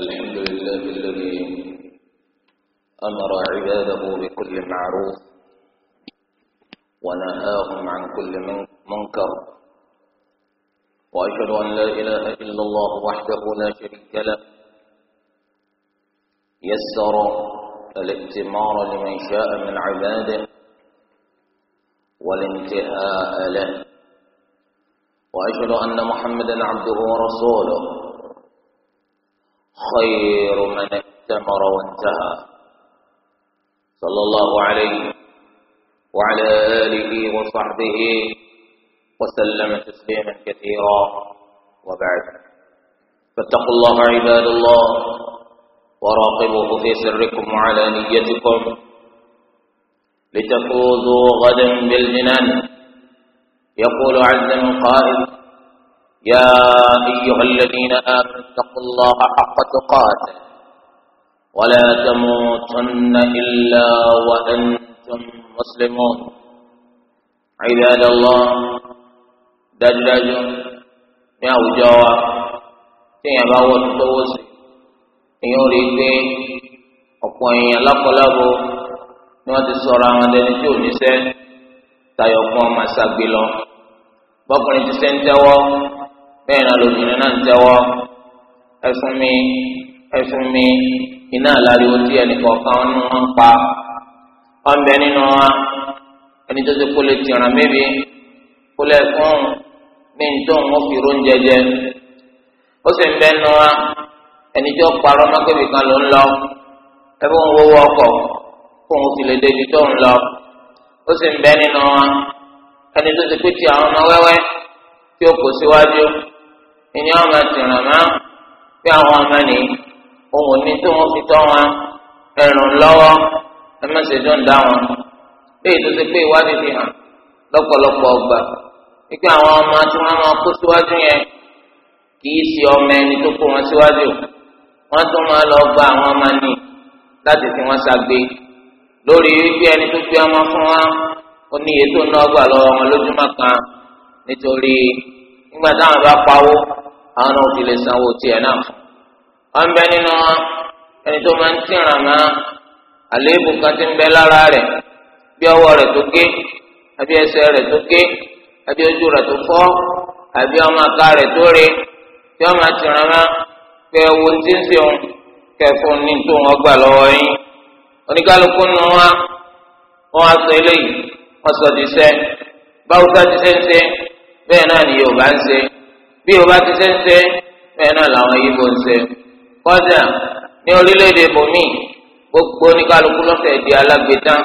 الحمد لله الحمد لله الذي أمر عباده بكل معروف ونهاهم عن كل منكر وأشهد أن لا إله إلا الله وحده لا شريك له يسر الائتمار لمن شاء من عباده والانتهاء له وأشهد أن محمدا عبده ورسوله خير من اتمر وانتهى صلى الله عليه وعلى آله وصحبه وسلم تسليما كثيرا وبعد فاتقوا الله عباد الله وراقبوه في سركم وعلى نيتكم لتفوزوا غدا بالمنن يقول عز من يا أيها الذين آمنوا اتقوا الله حق تقاته ولا تموتن إلا وأنتم مسلمون عباد الله دجاج يا وجوا تيا باو توس يوري بي ọ̀pọ̀ èèyàn lápọ̀lábọ̀ نوتي wọ́n ti sọ̀rọ̀ àwọn tayọ kún ọmọ ṣàgbé lọ bọ́kùnrin ti ṣe ń tẹ́wọ́ bẹ́ẹ̀ náà lóbìnrin náà ń tẹ́wọ́ ẹ̀sùn mi ẹ̀sùn mi iná àláriwo tí ẹnìkan kan ń wọn pa ọ̀nbẹ nínú wa ẹni tó ti kó lè tìràn mébi kó lè fún mi ń tó ń fi ró ń jẹjẹ ó sì ń bẹ nínú wa ẹni tó parọ́ mọ́kébì kan ló ń lọ ẹbí òun wọ́wọ́ ọkọ̀ kó òun sì lè débi tó ń lọ ó sì ń bẹ nínú wọn ẹni tó ti pé ti àwọn ọmọ wẹ́wẹ́ tí ó kò síwájú ìní ọmọ tìràn mọ́ bí àwọn ọmọ ní ohun ní tó wọn fi tọ́ wọn ẹrùn lọ́wọ́ ẹ má ṣe dùn dá wọn bí ètò ti pé ìwádìí fi hàn lọ́pọ̀lọpọ̀ ọgbà wípé àwọn ọmọ tí wọ́n máa kó síwájú yẹn kì ṣe ọmọ ẹni tó kó wọn síwájú wọ́n tún máa lọ gba àwọn ọmọ ní láti fi wọn ṣàgbé. lórí wípé ẹni tó fi ọmọ fún wa ó ní iye tó ná ọgbà lọ́wọ́ wọn lójúmọ́ kan nítorí nígbà táwọn bá pawó àwọn náà ti lè sanwó tiẹ̀ náà fún wọn bẹ nínú ẹni tó máa ń tìràn mọ́ àléébù kan ti ń bẹ lára rẹ bí ọwọ́ rẹ̀ tó gé àbí tó gé àbí ojú tó àbí ọmọ ti ń sèun ní tó oníkálukú nu wa wọn á sọ eléyìí wọn sọ ti sẹ báwùsá ti sẹ ń sẹ bẹ́ẹ̀ náà ni Yorùbá ń sẹ bí Yorùbá ti sẹ ń sẹ bẹ́ẹ̀ náà làwọn Yíbò ń sẹ kọjá ní orílẹ̀-èdè bòmí gbogbo oníkálukú lọ́fẹ̀ẹ́ di alágbèdán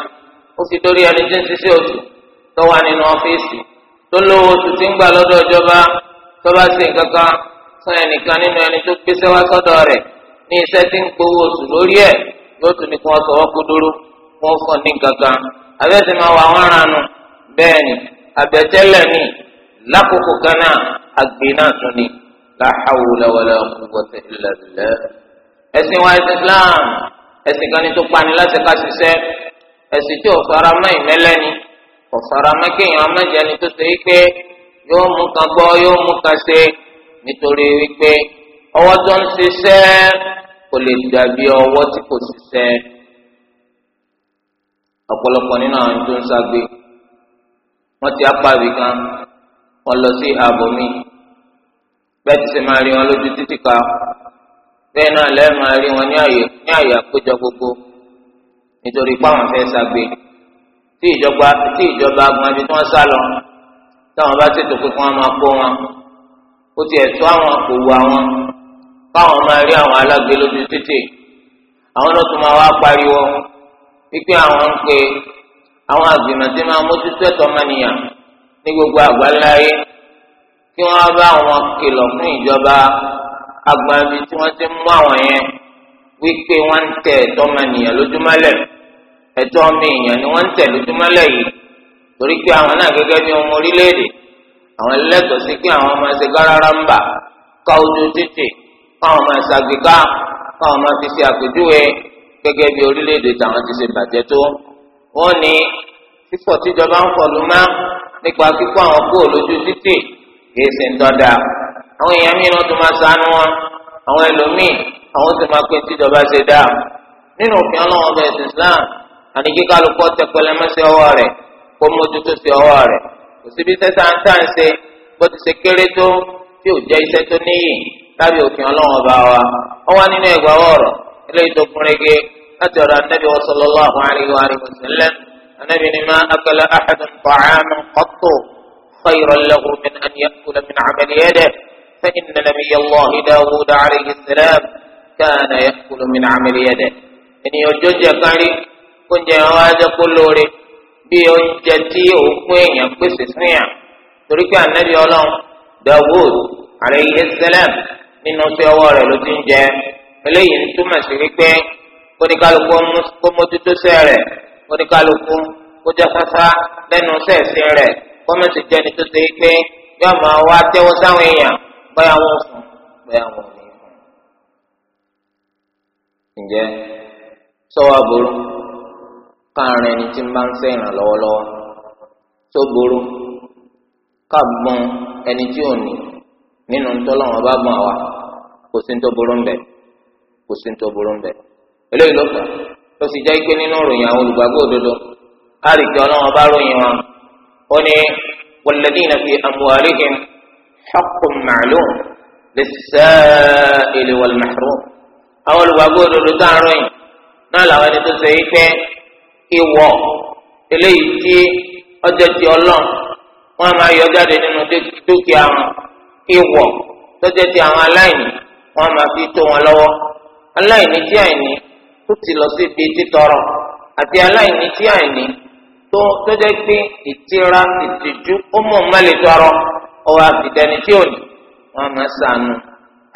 ó fi torí ẹni tí ń ṣiṣẹ́ oṣù tó wà nínú ọ́fíìsì tó lówó oṣù tí ń gbà lọ́dọ̀ ìjọba tó bá ṣe nǹkan kan sọ ẹnìkan nínú ẹni tó gbéṣẹ́ wá sọ́dọ̀ rẹ̀ ní iṣẹ́ tí ń gbowó oṣù lórí ẹ̀ yóò tún kí wọ́n kú dúró wọ́n fún ní kankan abẹ́sì máa wà wọ́n ara bẹ́ẹ̀ ni àbẹ̀tẹ́lẹ̀ ni lákòókò kan àgbè náà tún ni la hawla wala quwwata illa ẹ̀sìn wa ẹ̀sìn Islam ẹ̀sìn kan ní tó pani láti ká ṣiṣẹ́ ẹ̀sìn ni mọ́ kéèyàn ni tó ṣe wípé yóò mú kò lè dàbí ọwọ́ tí kò ṣiṣẹ́ ọ̀pọ̀lọpọ̀ nínú àwọn tó ń ṣagbe wọ́n ti apáwì kan wọ́n lọ sí ààbò mi bẹ́ẹ̀ ti ṣe máa rí wọn lójú títì ká bẹ́ẹ̀ náà lẹ́ẹ̀ máa rí wọn ní àyè ní àyè àkójọ gbogbo nítorí páwọn fẹ́ ṣagbe tí ìjọba tí ìjọba agbọ̀njú tí wọ́n sá lọ táwọn bá ṣètò pé kí wọ́n máa kó wọn ó ti ẹ̀ tó àwọn kò àwọn káwọn máa rí àwọn alágbe lójú títì àwọn náà tún máa wá pariwo wípé àwọn ń pe àwọn àgbìmọ̀ tí máa mójútó ẹ̀tọ́ mọ́nìyàn ní gbogbo àgbáláyé kí wọ́n bá wọn kìlọ̀ fún ìjọba agbábi tí wọ́n ti mú àwọn yẹn wípé wọ́n ń tẹ ẹ̀tọ́ mọ́nìyàn lójúmọ́lẹ̀ ẹ̀tọ́ mìíyàn ni wọ́n ń tẹ̀ lójúmọ́lẹ̀ yìí torí pé àwọn náà gẹ́gẹ́ bí ọmọ orílẹ̀-èdè àwọn ẹlẹ́tọ̀ọ́ sí pé àwọn ọmọ ẹsẹ̀ gárára ń bà ká ojú títì káwọn máa ṣàgbéká káwọn máa fi ṣe àpèjúwe gẹ́gẹ́ bí orílẹ̀-èdè tàwọn ti ṣe bàjẹ́ tó. wọ́n ní fífọ̀ tíjọba ń fọ̀lú má nípa kíkọ́ àwọn kúrò lójú títì kìí ṣe ń dọ́dà. àwọn èèyàn míì wọ́n tún máa ṣàánú wọn àwọn ẹlòmíì àwọn tún máa pín tíjọba ṣe dá. nínú òfin ọlọ́wọ́n ọba ẹ̀sìn Islam àní kíkálukọ́ tẹpẹlẹmẹsẹ̀ ọwọ́ rẹ̀ kó mójútó sí ọwọ́ rẹ̀ kò síbi iṣẹ́ tá à ń tà ń ṣe bó ti ṣe kéré tó tí ò jẹ́ iṣẹ́ tó níyì lábẹ́ òfin ọlọ́run ọba wa ó wá nínú ẹ̀gbá ọ̀rọ̀ eléyìí tó kún rege láti ọ̀rọ̀ anábì wa sallallahu alayhi wa alihi wa sallam anábì ni ma akala ahadun ta'aman qattu khayran lahu min an ya'kula min 'amali yadihi fa inna nabiyya allahi dawud alayhi salam kana ya'kulu min 'amali yadihi ènìyàn ojú nínú sí ọwọ́ rẹ̀ ló ti ń jẹ eléyìí ń túmọ̀ sí wípé kóníkálukú kó mójútó sẹ́ rẹ̀ kóníkálukú kó jẹ́ sáfá lẹ́nu sẹ́ẹ̀sì rẹ̀ kọ́mẹ́sì jẹ́ ni tó ṣe pé yóò máa wá tẹ́wọ́ sáwọn èèyàn bóyá wọn fún bóyá wọn ò ní fún. ǹjẹ́ sọ́wọ́ burú káàrin ẹni tí ń bá ń sẹ́yìn lọ́wọ́lọ́wọ́ tó burú káàgbọ́n ẹni tí ò ní nínú tọ́lọ́wọ́n bá gbọ́n wa kò sí tó burú mbẹ kò sí tó burú mbẹ eléyìí ló fà ló sì jẹ́ pé nínú ròyìn àwọn olùgbàgbọ́ òdodo àríkè ọlọ́run bá ròyìn wọn ó ní walladhina fi amwalihim haqqun ma'lum lis-sa'ili wal mahrum àwọn olùgbàgbọ́ òdodo tá a ròyìn náà làwọn ẹni tó ṣe é pé ìwọ eléyìí tí ọjọ́ ti ọlọ́run wọn máa yọ jáde nínú dúkìá wọn ìwọ tọ́jọ́ ti àwọn aláìní wọ́n máa fi tó wọn lọ́wọ́ aláìní tí àìní tó ti lọ sí ibi títọrọ àti aláìní tí àìní tó tó jẹ́ pé ìtira ìtìjú ó mọ̀ má lè tọrọ ọwọ́ àfìdẹni tí ò ní wọ́n máa sànù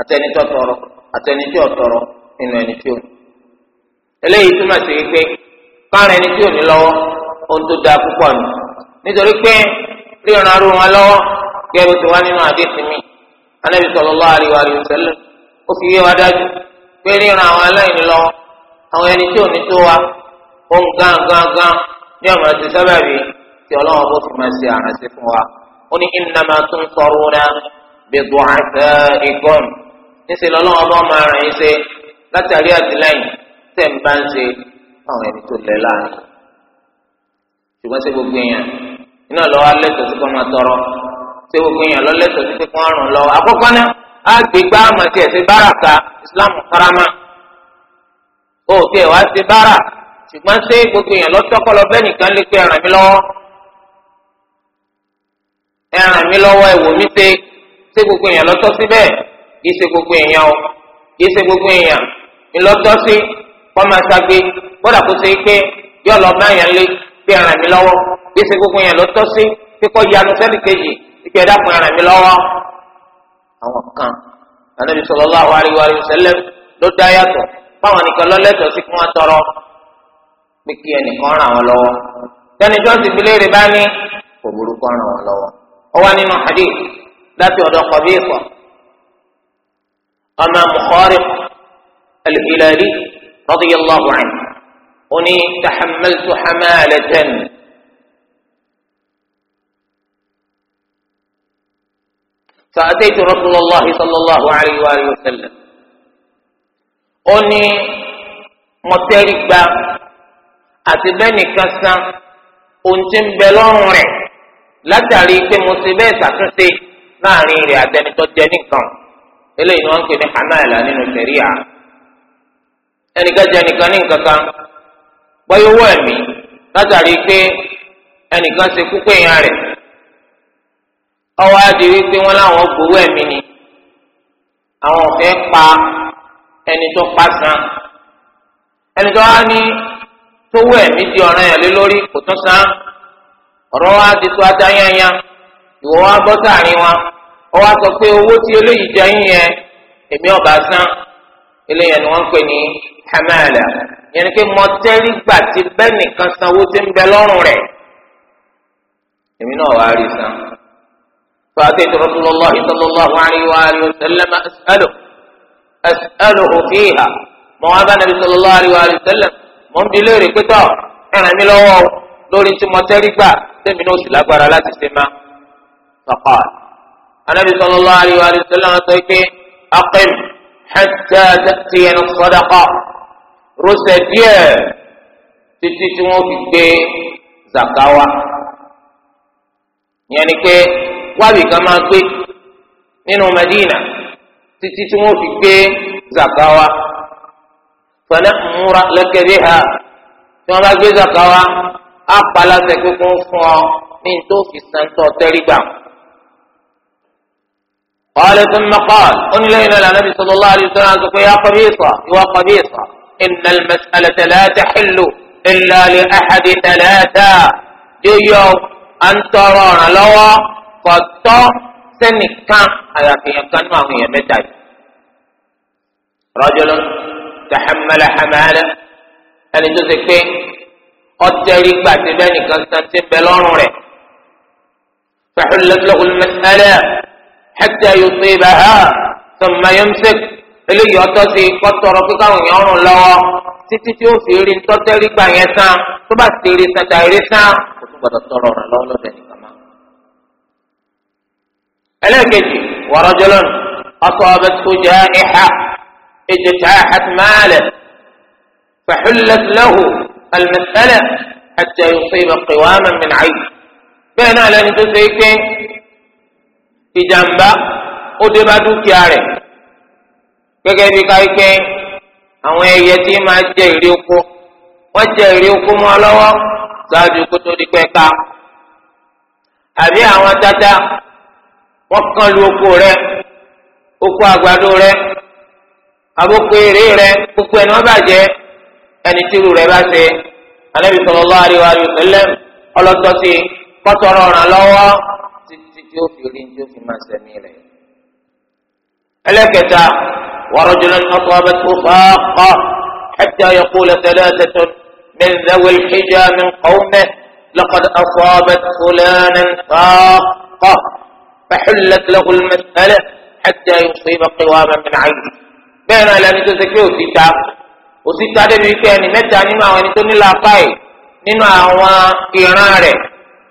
àtẹnitọ́ tọrọ àtẹnití ọ̀tọrọ nínú ẹni tí ò ní. eléyìí túmọ̀ sí pé fáàrin ẹni tí ò ní lọ́wọ́ ohun tó dáa púpọ̀ ni nítorí pé ríran aró wọn lọ́wọ́ gẹ́gẹ́ bó ti wá nínú àdéhùn mi anábì sallallahu alaihi wa sallam ó fi yé wa dájú pé ríran àwọn aláìní lọ àwọn ẹni tí ò ní tó wa ohun gángan ní ọmọ ti sábàbí tí ọlọ́wọ́n bó fi máa ṣe àrànṣe fún wa ó ní innama tunsaruna bi du'afaikum níṣẹ́ lọ́lọ́wọ́n bá máa ṣe látàrí àtìlẹ́yìn tẹ̀ ń bá ń ṣe àwọn ẹni tó lẹ́ ṣùgbọ́n ṣé gbogbo èèyàn iná lọ́wọ́ alẹ́ tó ti kọ́ máa tọrọ ṣé gbogbo èèyàn lọ́lẹ́ tó ti àgbègbè àmọ̀tí ẹ̀sìn báràkà islam karama ó tiẹ̀ wá sí bára ṣùgbọ́n ṣé gbogbo èèyàn lọ́tọ́kọ́lọ́ bẹ́ẹ̀ nìkan lè pe ẹ̀ràn mi lọ́wọ́ ẹ̀ràn mi lọ́wọ́ ẹ̀wò mi ṣe ṣé gbogbo èèyàn lọ́tọ́ sí bẹ́ẹ̀ kì í ṣe gbogbo èèyàn o kì í ṣe gbogbo èèyàn ńlọ́tọ́ sí kọ́ máa ṣagbe gbọ́dọ̀ kó ṣe pé yọ lọ bá yẹn lé pé ẹ̀ràn mi lọ́wọ́ kì í ṣe gbogbo èèyàn lọ́tọ́ sí pé kọ́ yanu sẹ́nìkejì pé ẹ̀dá kan ẹ̀ràn mi lọ́wọ́ àwọn kan anabi sallallahu alaihi wa sallam ló dá yàtọ̀ báwọn nìkan lọlẹtọ sí kí wọn tọrọ pé kí ẹnìkan ràn wọn lọ́wọ́ tẹni tó ń sì fi léèrè bá ní kò burúkú ràn wọn lọ́wọ́ ọwọ nínú hadith láti ọ̀dọ̀ Qabisa ọmọ Mukhariq al-Hilali radiyallahu anhu ó ní tahammaltu hamalatan. فأتيت رسول الله صلى الله عليه وآله وسلم أني متركة أتبني كسا أنت بلون látàrí pé mo ti bẹ́ẹ̀ ṣàtúnṣe láàrin rẹ̀ àtẹnitọ́ jẹ nìkan eléyìí ni wọ́n ń pè ní hamaila nínú sẹ̀ríà ẹnìkan jẹ nìkan ní nǹkan kan gbọ́yọ́wọ́ ẹ̀mí látàrí pé ẹnìkan ṣe kú pé èèyàn rẹ̀ ọwọ́ adi pé wọ́n láwọn gbowó ẹ̀mí ni àwọn ọ̀fẹ́ pa ẹni tó pa san ẹni tó wá ní tówó ẹ̀mí di ọ̀ràn yẹn lé lórí kò san ọ̀rọ̀ wa di tó ajá yányá ìwọ wa bọ́ sáàrin wa ọwọ́ sọ pé owó tí eléyìí yín yẹn èmi ọ̀bà san ni wọ́n ń pè ní hamala yẹn pé gbà tí فأتيت رسول الله صلى الله عليه وآله وسلم أسأله أسأله فيها موابا النبي صلى الله عليه وآله وسلم من بلوري كتاب أنا ملوه لوري ثم تريبا تمنوس لأقوار لا تسمى فقال النبي صلى الله عليه وآله وسلم أطيبه أقم حتى تأتينا الصدقة رسديه تتتمو في زكاوة يعني كي wábì kan máa gbé nínú Madina títí tí wọ́n fi gbé zakawa fẹlẹ múra lẹkẹdẹ ha tí wọ́n bá gbé zakawa á palasẹ kíkún fún ọ ní tó fi sẹńtọ tẹrígbà. قال ثم قال قل لنا النبي صلى الله عليه وسلم يا قبيصة يا قبيصة إن المسألة لا تحل إلا لأحد ثلاثة ديو أن ترون لوا kọtọ sẹnìkan àyàfi ẹ̀kan nínú àwọn èèyàn mẹ́ta yìí. rọ́jòló tàhámẹ́lá hàmẹ́lá ẹni tó ṣe pé ọtẹ́rì gbàtí bẹ́nìkan san ti bẹ lọ́rùn rẹ̀. fẹ́hùlẹ́tìlẹ́ olùmẹ́sẹ̀lẹ́ hẹ́tẹ́ yóò tó ibà ha sọ̀mà yóò ń sèk eléyìí ọtọ́ sí kọ́tọ́rọ́ kíkọ́ àwọn èèyàn rùn lọ́wọ́ títí tí ó fi rí tọ́tẹ́rì gbà yẹn san tó bá ti rí san tàìrí san kò tún gbọdọ̀ tọrọ ọ̀rọ̀ lọ́wọ́ lọ́dẹ̀ nìkan. ẹlẹ́ẹ̀kejì wàrọ̀jọ́lọ́n ọ̀sọ̀ọ̀bẹ tó jẹ́ ẹ̀ha ìjẹ̀tà àtìmáàlẹ̀ fẹ̀xúlẹ̀tìlẹ́hù àlùmẹ̀sẹ̀lẹ̀ àti ẹ̀yọ̀sẹ̀bẹ̀ kìwàmà mìnàáyì. bẹ́ẹ̀ náà lẹni tó ṣe pé ìjàmbá ó dé bá dúkìá rẹ̀ gẹ́gẹ́ bí ká pé àwọn ẹyẹ tí máa jẹ èrè oko wọ́n jẹ èrè oko mọ́ lọ́wọ́ ṣáájú kótó dípẹ́ ká àbí àwọn tata wọ́n kàn lu oko rẹ oko àgbàdo rẹ àbókò èrè rẹ gbogbo ẹni wọ́n bàjẹ́ ẹni tí irú rẹ bá ṣe anabi sallallahu alaihi wa sallam ọlọtọsí kọtọrọ ràn lọ́wọ́ títí tí ó fi rí tí ó fi máa ṣẹmí rẹ. ẹlẹ́kẹta warajulan asabathu faqa hatta yaqula thalathatun min dhawil hijja min qawmihi laqad asabat fulanan فحلت له المسألة حتى يصيب قواما من عينه bẹ́ẹ̀ náà lẹni tó ṣe pé òsìta òsìta débi pé ẹni mẹ́ta nínú àwọn ẹni tó ní làákàyè nínú àwọn ìran rẹ̀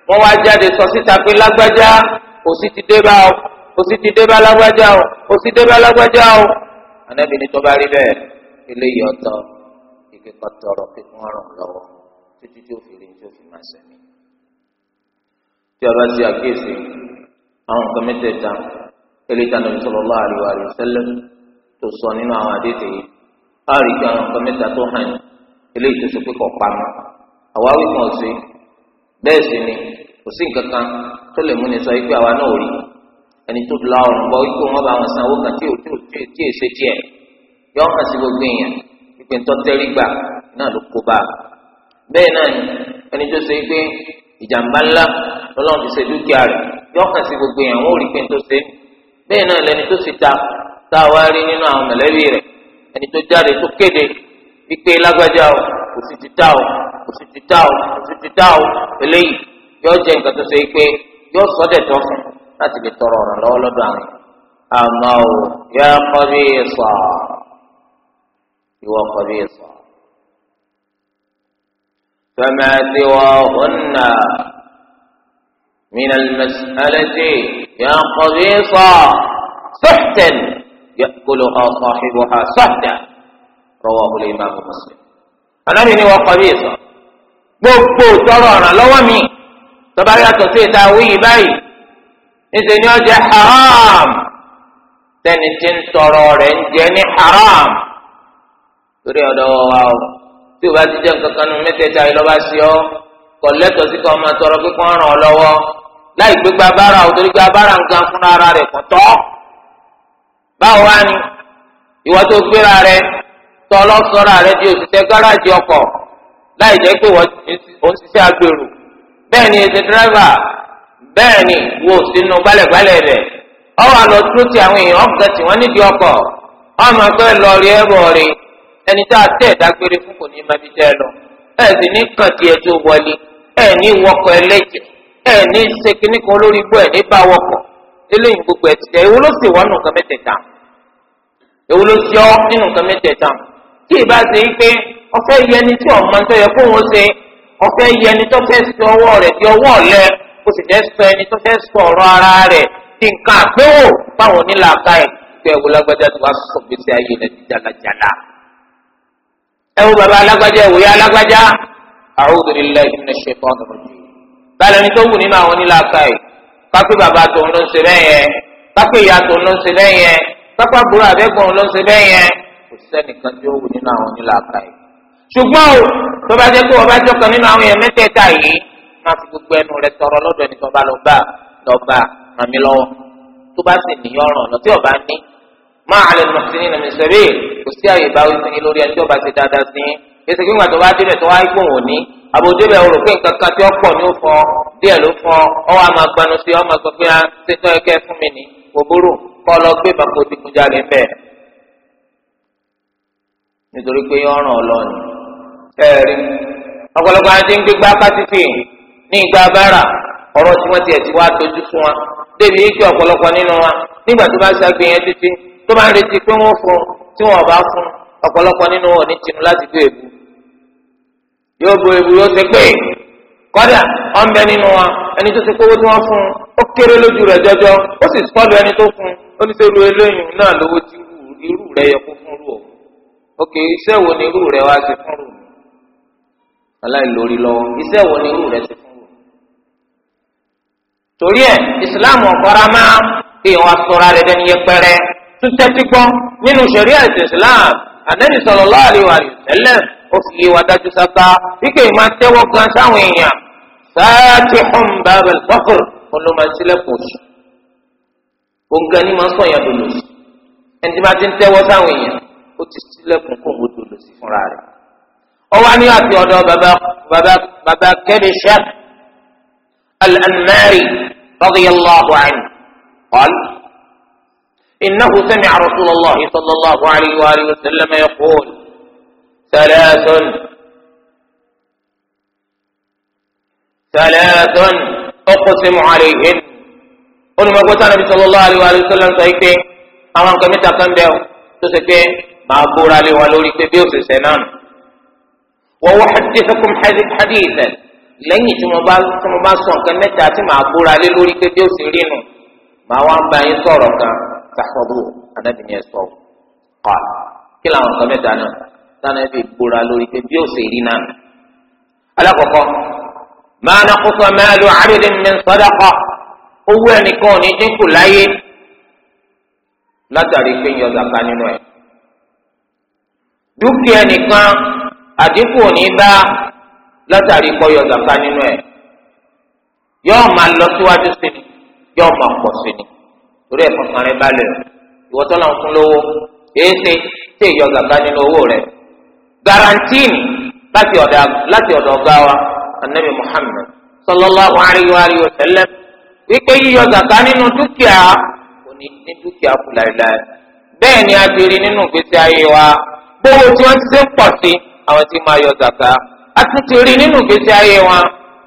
wọ́n wá jáde sọ síta pé lágbájá òsì ti dé bá o òsì ti dé bá lágbájá o òsì dé bá lágbájá o ànábì ni tó bá rí bẹ́ẹ̀ eléyìí ọ̀tọ̀ ìfikọ́ tọrọ pé wọ́n ràn lọ́wọ́ títí tí ó fi rí tí ó fi máa ṣẹ̀mí tí ọba ti àkíyèsí àwọn nǹkan mẹ́tẹ̀ẹ̀ta eléyìí tánà bí sallallahu alaihi wa sallam tó sọ nínú àwọn àdéhùn yìí á rí i pé àwọn nǹkan mẹ́ta tó hàn eléyìí tó sọ pé kò pamọ́ àwa wí kan sí bẹ́ẹ̀ sì ni kò sí nǹkan kan tó lè múni sọ pé àwa náà ò rí ẹni tó la ọ̀rùn bọ́ wípé wọ́n bá wọn sanwó kan tí ò tí ì ṣe tiẹ̀ yọ hàn sí gbogbo èèyàn wípé ń tọ́ tẹ́rí gbà náà ló kó bá a bẹ́ẹ̀ náà ni ẹni tó ṣe pé ìjàmbá ńlá lọ́lọ́run ti ṣe dúkìá rẹ̀ yọkàn sí gbogbo yẹn wọn ò rí pé tó ṣe bẹ́ẹ̀ náà lẹni tó sì ta tá a wá rí nínú àwọn mọ̀lẹ́bí rẹ̀ ẹni tó jáde tó kéde wípé lágbájá o kò sì ti ta o kò sì ti ta o kò sì ti ta o eléyìí yọ jẹ nǹkan tó ṣe pé yọ sọdẹ tó fún láti lè tọrọ ọ̀ràn lọ́wọ́ lọ́dọ̀ àwọn àmọ́ o yà kọbí sọ ìwọ kọbí sọ fẹmẹ tiwọ hùn من المسألة يا قبيصة سحتا يأكلها صاحبها سحتا رواه الإمام مسلم أنا هنا وقبيصة gbogbo tọrọ ọràn lọ́wọ́ mi tọba yàtọ̀ sí ìta wíyì báyìí níṣẹ ni ọjẹ haram tẹni tí ń tọrọ rẹ̀ ń jẹ ní haram torí ọ̀dọ̀ wa o tí o bá ti jẹ nǹkan kan nu mẹ́tẹ̀ẹ̀ta yìí lọ bá sí ọ kọ lẹ́tọ̀ọ́ sí kọ ọmọ tọrọ pé kọ ọràn ọ lọ́wọ́. láì gbégbá bára ò torí gbá bára nǹkan fún ara rẹ̀ kò tọ́. báwo wá ni ìwọ tó gbéra rẹ tọ́ lọ́sọ̀rọ̀ rẹ di òṣìṣẹ́ gáràjì ọkọ̀ láì jẹ́ pé òun ṣiṣẹ́ agbèrò bẹ́ẹ̀ ni dírẹ́fà bẹ́ẹ̀ ni wo sínú rẹ̀ ọwọ́ àlọ́ dúró ti àwọn èèyàn ọ̀gá tí wọ́n nídìí ọkọ̀ wọ́n máa fẹ́ lọ rí ẹ ní ṣe kínní kan lórí igbó ẹ ní bá wọkọ̀ eléyìí gbogbo ẹ ti tẹ ewu ló sì wá nù nǹkan mẹ́tẹ̀ẹ̀ta ewu ló sì ọ nínú nǹkan mẹ́tẹ̀ẹ̀ta tí ì bá ṣe pé ọfẹ yẹni tí ọmọ tó yẹ kó wọn ṣe ọfẹ yẹni tó fẹ́ sọ ọwọ́ rẹ̀ di ọwọ́ ọ̀lẹ kó sì fẹ́ sọ ẹni tó fẹ́ sọ ọ̀rọ̀ ara rẹ̀ ti nǹkan àpéwò báwọn onílà ká ẹ ìgbẹ ewu lágbájá tó wá sọ gbèsè ayé rẹ̀ jalajala ẹ wo baba alágbájá ẹ wòye alágbájá a'udhu billahi minash shaitanir rajim báyìí ní tó wù nínú àwọn onílàáfà yìí kápẹ́ bàbá tòun ló ń ṣe bẹ́ẹ̀ yẹn kápẹ́ ìyá tòun ló ń ṣe bẹ́ẹ̀ yẹn kápẹ́ àbúrò àbẹ́gbọ̀n ló ń ṣe bẹ́ẹ̀ yẹn kò sẹ́nìkan tí ó wù nínú àwọn onílàáfà yìí. ṣùgbọ́n o tó bá jẹ́ pé ọba jọ́kan nínú àwọn èèyàn mẹ́tẹ̀ẹ̀ta yìí má fi gbogbo ẹnu rẹ tọrọ lọ́dọ̀ ẹni tó bá lọ bá lọ bá màmí lọ́wọ́ tó bá sì ní lọ tí àbòdébẹ̀ o rò pé nǹkan kan tí ó pọ̀ ní ó fọ díẹ̀ ló fọ ọwọ́ àmọ́ agbanu sí ọmọ sọ pé à ṣe tán ẹkẹ fún mi ní kò burú kọ́ lọ gbé bàbá òdìkúnjalè bẹ́ẹ̀ nítorí pé ọ̀ràn ọlọ́ọ̀ni ẹ̀rí ọ̀pọ̀lọpọ̀ àti ń gbégbá kásìtì ní ìgbà bára ọ̀rọ̀ tí wọ́n tiẹ̀ ti wá tójú fún wa débi yìí kí ọ̀pọ̀lọpọ̀ nínú wa nígbà tó bá ṣàgbéyàn títí tó bá ń retí pé wọ́n fún tí wọ́n bá fún ọ̀pọ̀lọpọ̀ nínú wọn ní tinú láti gbé èbú e yóò bo ebu yóò ṣe pé kọ́dà ọ̀nbẹ nínú wa ẹni tó ṣe kówó tí wọ́n fún un ó kéré lójú rẹ̀ jọjọ ó sì sọ́dọ̀ ẹni tó fún un ó ní sẹ́lu eléyìn náà lówó tí irú rẹ̀ yẹ kó fún rú o òkè iṣẹ́ wo ni irú rẹ̀ wá ti fún rú mi aláìlórí lọ́wọ́ iṣẹ́ wo ni irú rẹ̀ ti fún rú mi. torí ẹ ìsìláàmù ọ̀kọ́ra máa fi ìwà sọ̀ra rẹ̀ dẹni yẹpẹrẹ tún tẹ́tí gbọ́ nínú ṣẹ̀ríà ìsìláàmù ànẹ́bí sallallahu ó sì yé wa dájú sáká wíkẹ́ ìmọ̀ àtẹ́wọ́ gan sáwọn èèyàn sáàtì hùn bàbá ìfọ́fọ̀r olùmọ̀sílẹ̀kùn oṣù òǹgà ni màá sọ̀yàn dòdò sí ẹni tí bá ti ń tẹ́wọ́ sáwọn èèyàn ó ti sílẹ̀kùn kó o dòdò saka wike imo tẹ́wọ́ fúnra rẹ̀ ọwọ́ ni àti ọ̀dọ̀ bàbá bàbá bàbá kẹ́bi sẹ́k al-anmari radiyallahu anhu qal innahu sami'a rasulallah sallallahu alayhi wa alihi wa sallam yaqul. ثلاث ثلاث أقسم عليهن قل ما قلت النبي صلى الله عليه وآله وسلم سيكي أمام كم تكن بيو تسكي ما أقول علي ولولي كبيو سيسنان وأحدثكم حديثا lẹ́yìn tí mo bá tí mo bá sọ nǹkan mẹ́ta tí màá búra lé lórí pé bí ó sì rí nù màá wá ń bá yín sọ̀rọ̀ kan tàfọ́bù anábìyẹn sọ kọ́ kí làwọn nǹkan mẹ́ta náà sanabi gbóra lórí pé bí ó ṣe rí náà. alákọ̀ọ́kọ́ máa ná kókó máa min sadaqa owó ẹnìkan ní dínkù láyé látàrí pé yọ zaka nínú ẹ̀. dúkìá nìkan àdínkù ò ní bá látàrí yọ zaka lọ síwájú sí i ma máa pọ̀ sí i torí ẹ̀fọn kan balẹ̀ fún lówó garantini láti ọ̀dọ̀ láti ọ̀dọ̀ ọ̀gá wa anabi muhammed sallallahu alayhi wa alayhi wa sallam wípé yíyọ zaka nínú dúkìá kò ní ní dúkìá kù láìláì bẹ́ẹ̀ ni a ti rí nínú ìgbésí ayé wa gbogbo tí wọ́n ti ṣe ń pọ̀ sí àwọn tí máa yọ zaka a tún ti rí nínú ìgbésí ayé wa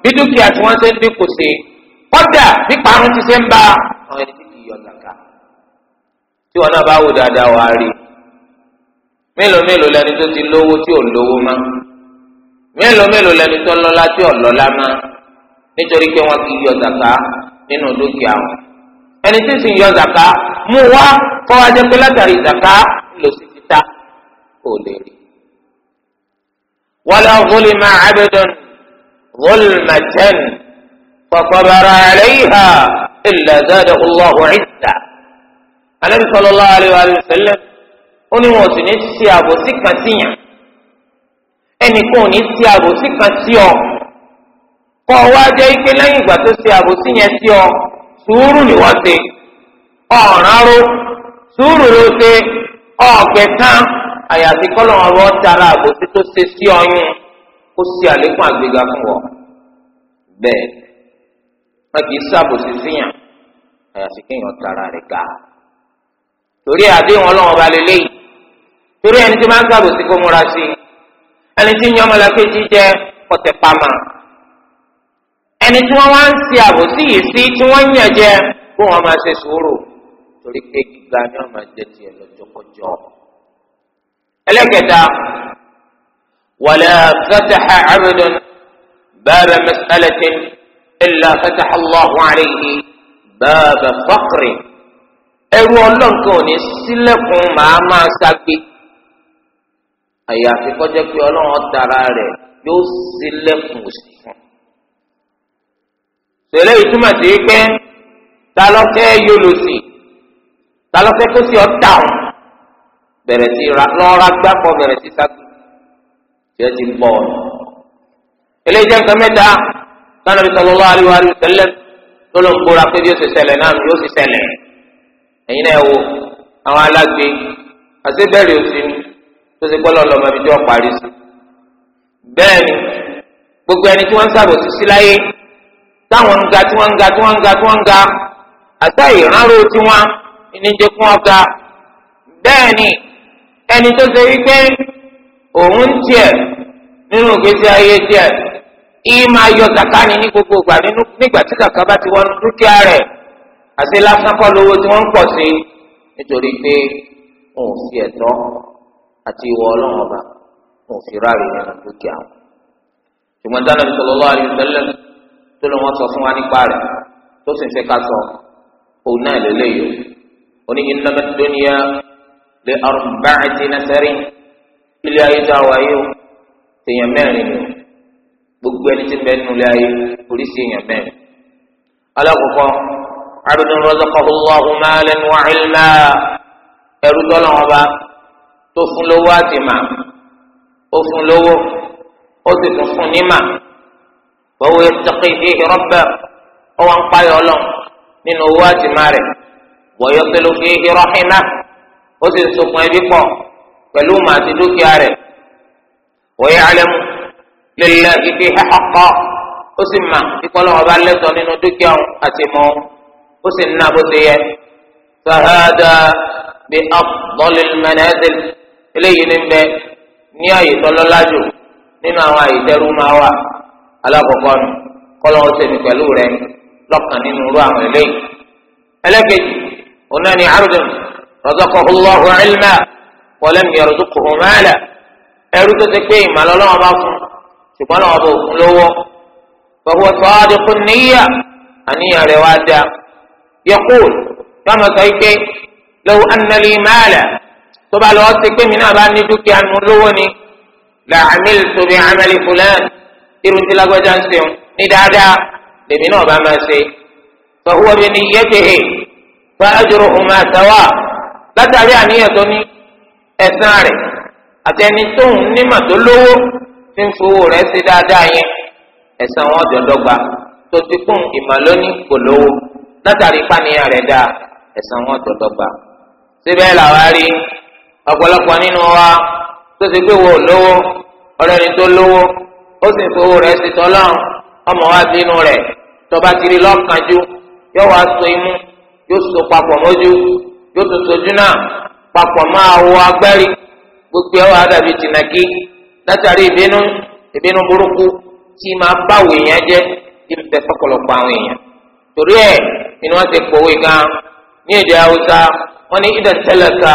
bí dúkìá tí wọ́n ṣe ń dínkù sí kọ́dà bí parun ti ṣe ń bá àwọn ẹni tí yọ zaka tí wọn náà bá wò dáadáa wà á rí i mélòó mélòó lẹni tó ti lówó tí ò lówó má mélòó mélòó lẹni tó lọ́lá tí ò lọ́lá má nítorí pé wọn kì í yọ zàká nínú dúkìá wọn ẹni tí sì ń yọ zàká mú wá kọ́wá jẹ́ pé látàrí zàká lò sí títà kò lè rí. wala zulima abdun zulmatan fasabara alayha illa zadahu Allahu izza. Ànábì sallallahu alayhi wa sallam ó ní wọn ò sì ní ṣe àbòsí kan síyàn ẹnìkan ò ní ṣe àbòsí kan sí ọ kọ́ ọ wá jẹ́ ike lẹ́yìn ìgbà tó ṣe àbòsí yẹn sí ọ sùúrù ni wọ́n ṣe ọ̀ràn ró sùúrù ló ṣe ọ̀gbẹ́ tán àyàfi kọ́lọ̀ ọ̀rọ̀ tara àbòsí tó ṣe sí ọyún ó ṣe àlékún àgbéga fún ọ bẹ́ẹ̀ wọn kì í ṣàbòsí síyàn àyàfi kéèyàn tara rẹ̀ ga torí àdéhùn ọlọ́wọ́n ba lélẹ́yìí torí ẹni tí máa ń sàbò sí kó múra sí ẹni tí ń yan ọmọlàkejì jẹ ọ̀tẹ̀ pamọ́ ẹni tí wọ́n wá ń ṣe àbòsí yìí sí tí wọ́n yàn jẹ kó wọ́n máa ṣe sùúrù torí pé gíga ni wọ́n máa jẹ tiẹ̀ lọ́jọ́kọjọ́ ẹlẹ́kẹta wàlẹ́ fẹ́tẹ̀hẹ́ abidun bẹ́ẹ̀ mẹsàlẹ́tẹ̀ ilà fẹ́tẹ̀hẹ́ lọ́hùn àríyí bẹ́ẹ̀ fọ́kìrì ẹrú ọlọ́nkẹ́ òní sílẹ̀kùn màá máa ṣàgbé àyàfi kọjá pé ọlọ́run tara rẹ̀ yóò sílẹ̀kùn òsì fún un. sèlè ìtumọ̀ sí pé ta ló fẹ́ yóò lò sí ta ló fẹ́ kó sí ọ dáhùn bẹ̀rẹ̀ sí lọ́ra gbàpọ̀ bẹ̀rẹ̀ sí sagun tí ẹ ti ń bọ̀ ọ́. eléyìí jẹ́ nǹkan mẹ́ta sanabi sallallahu alaihi wa sallam lọ́lọ́ ń kóra pé bí ó ti ṣẹlẹ̀ náà yóò ti ṣẹlẹ̀ ẹ̀yin náà wò àwọn alágbe àti bẹ́ẹ̀rẹ̀ tó ti gbọ́dọ̀ lọ́mọ ibi tí wọ́n parí sí. bẹ́ẹ̀ ni gbogbo ẹni tí wọ́n ń ṣàbòsí sí láyé táwọn ń ga tí wọ́n ń ga tí wọ́n ń ga tí wọ́n ń ga àtà ìránró tiwọn ìníjẹ kún ọ̀gá. bẹ́ẹ̀ ni ẹni tó ṣe wípé òun tiẹ̀ nínú ìgbésí ayé tiẹ̀ ìyí máa yọ zaka ni ní gbogbo ìgbà nínú nígbà tí kàkà bá ti wọnú dúkìá rẹ̀ àti lásán kọ́ lówó tí wọ́n ń pọ̀ sí nítorí pé òun sí ẹ̀tọ́ àti ìwọ ọlọ́run ọba wọn ò fi ráàlì nínú dúkìá wọn. ṣùgbọ́n dáná bí sallallahu alaihi wasallam tó lọ́ wọ́n sọ fún wa nípa rẹ̀ tó sì ń fẹ́ ká sọ òun náà lélẹ́yìí o ní innamad dunya li arba'ati nasari ilé ayé tá a wáyé tèèyàn mẹ́rin ni gbogbo ẹni tí bẹ́ẹ̀ nulẹ̀ ayé polisi èèyàn mẹ́rin. alákòókò abdul razaqahu Allahu malan wa tó fún lówó àti mà ó fún lówó ó sì tún fún ní mà bọ́wọ́ ìtọ́kì ìhì rọ́bà ó wá ń payọ̀ lọ nínú owó àti mà rẹ̀ wọ́yọ́ pẹ̀lú kí ìhì rọ́hìnà ó sì sokùn ẹbí pọ̀ pẹ̀lú mà àti dúkìá rẹ̀ wọ́yọ́ alẹ́mu lílẹ̀ ìdí ẹ̀họ́kọ́ ó sì mà ìkọlọ́wọ́ bá lẹ́tọ̀ọ́ nínú dúkìá àti mọ́ ó sì ń ná bó ti yẹ. فهذا بأفضل المنازل eléyìí ní bẹ ní àyè tọ́lọ́lá jù nínú àwọn àyè tẹ́rù máa wà alákọ̀ọ́kọ́ nù kọ́lọ́ sẹ́mi pẹ̀lú rẹ lọ́kàn nínú irú àwọn eléyìí. ẹlẹ́kejì ọ̀nà ni arúgbìn razaqahu Allahu ilma wa lam yarzuqhu mala ẹrú tó ti pé ìmàlọ́lọ́wọ́ bá fún ṣùgbọ́n lọ́wọ́ bó fún lówó fahuwa sadiqun niyya àníyàn rẹ̀ wá dá yaqul yọmọ sọ ike law anna li tó bá lọ sí pé mi náà bá ní dúkìá nu lówó ni làmìl tóbi amẹ́lì fúlẹ́ẹ̀n irun tí lágbájá ń sèun ní dáadáa lèmi náà bá máa ṣe. fọwọ́ mi ni yẹ́kẹ̀ẹ́ fún ajọ́rò ọmọ àtàwà látàrí àníyàn tó ní ẹ̀sán rẹ̀ àtẹni tóun nímọ̀ tó lówó tí ń fowó rẹ̀ ṣe dáadáa yẹn ẹ̀sán wọn dọ̀dọ̀gba tó ti kún ìmọ̀lóní kò lówó látàrí pàníyàn rẹ̀ dáa ẹ̀sán wọn dọ̀dọ̀gba. síbẹ̀ làwa ọ̀pọ̀lọpọ̀ nínú wa tó ti gbé wo lówó ọ̀rẹ́ ni tó lówó ó sì fowó rẹ̀ sí tọ́lọ́run ọmọ wa bínú rẹ̀ tọba kiri lọ́kànjú yóò wá so imú yóò so papọ̀ mọ́jú yóò tún sojú náà papọ̀ máa wo agbẹ́rì gbogbo ẹ̀ wá dàbí tìǹkì látàrí ìbínú ìbínú burúkú tí máa báwò èèyàn jẹ́ tí ń bẹ fọ́pọ̀lọpọ̀ àwọn èèyàn torí ẹ̀ ni wọ́n ti pòwe gan ní èdè haúsá wọ́n ní ìdẹ̀tẹ́lẹ̀ ká.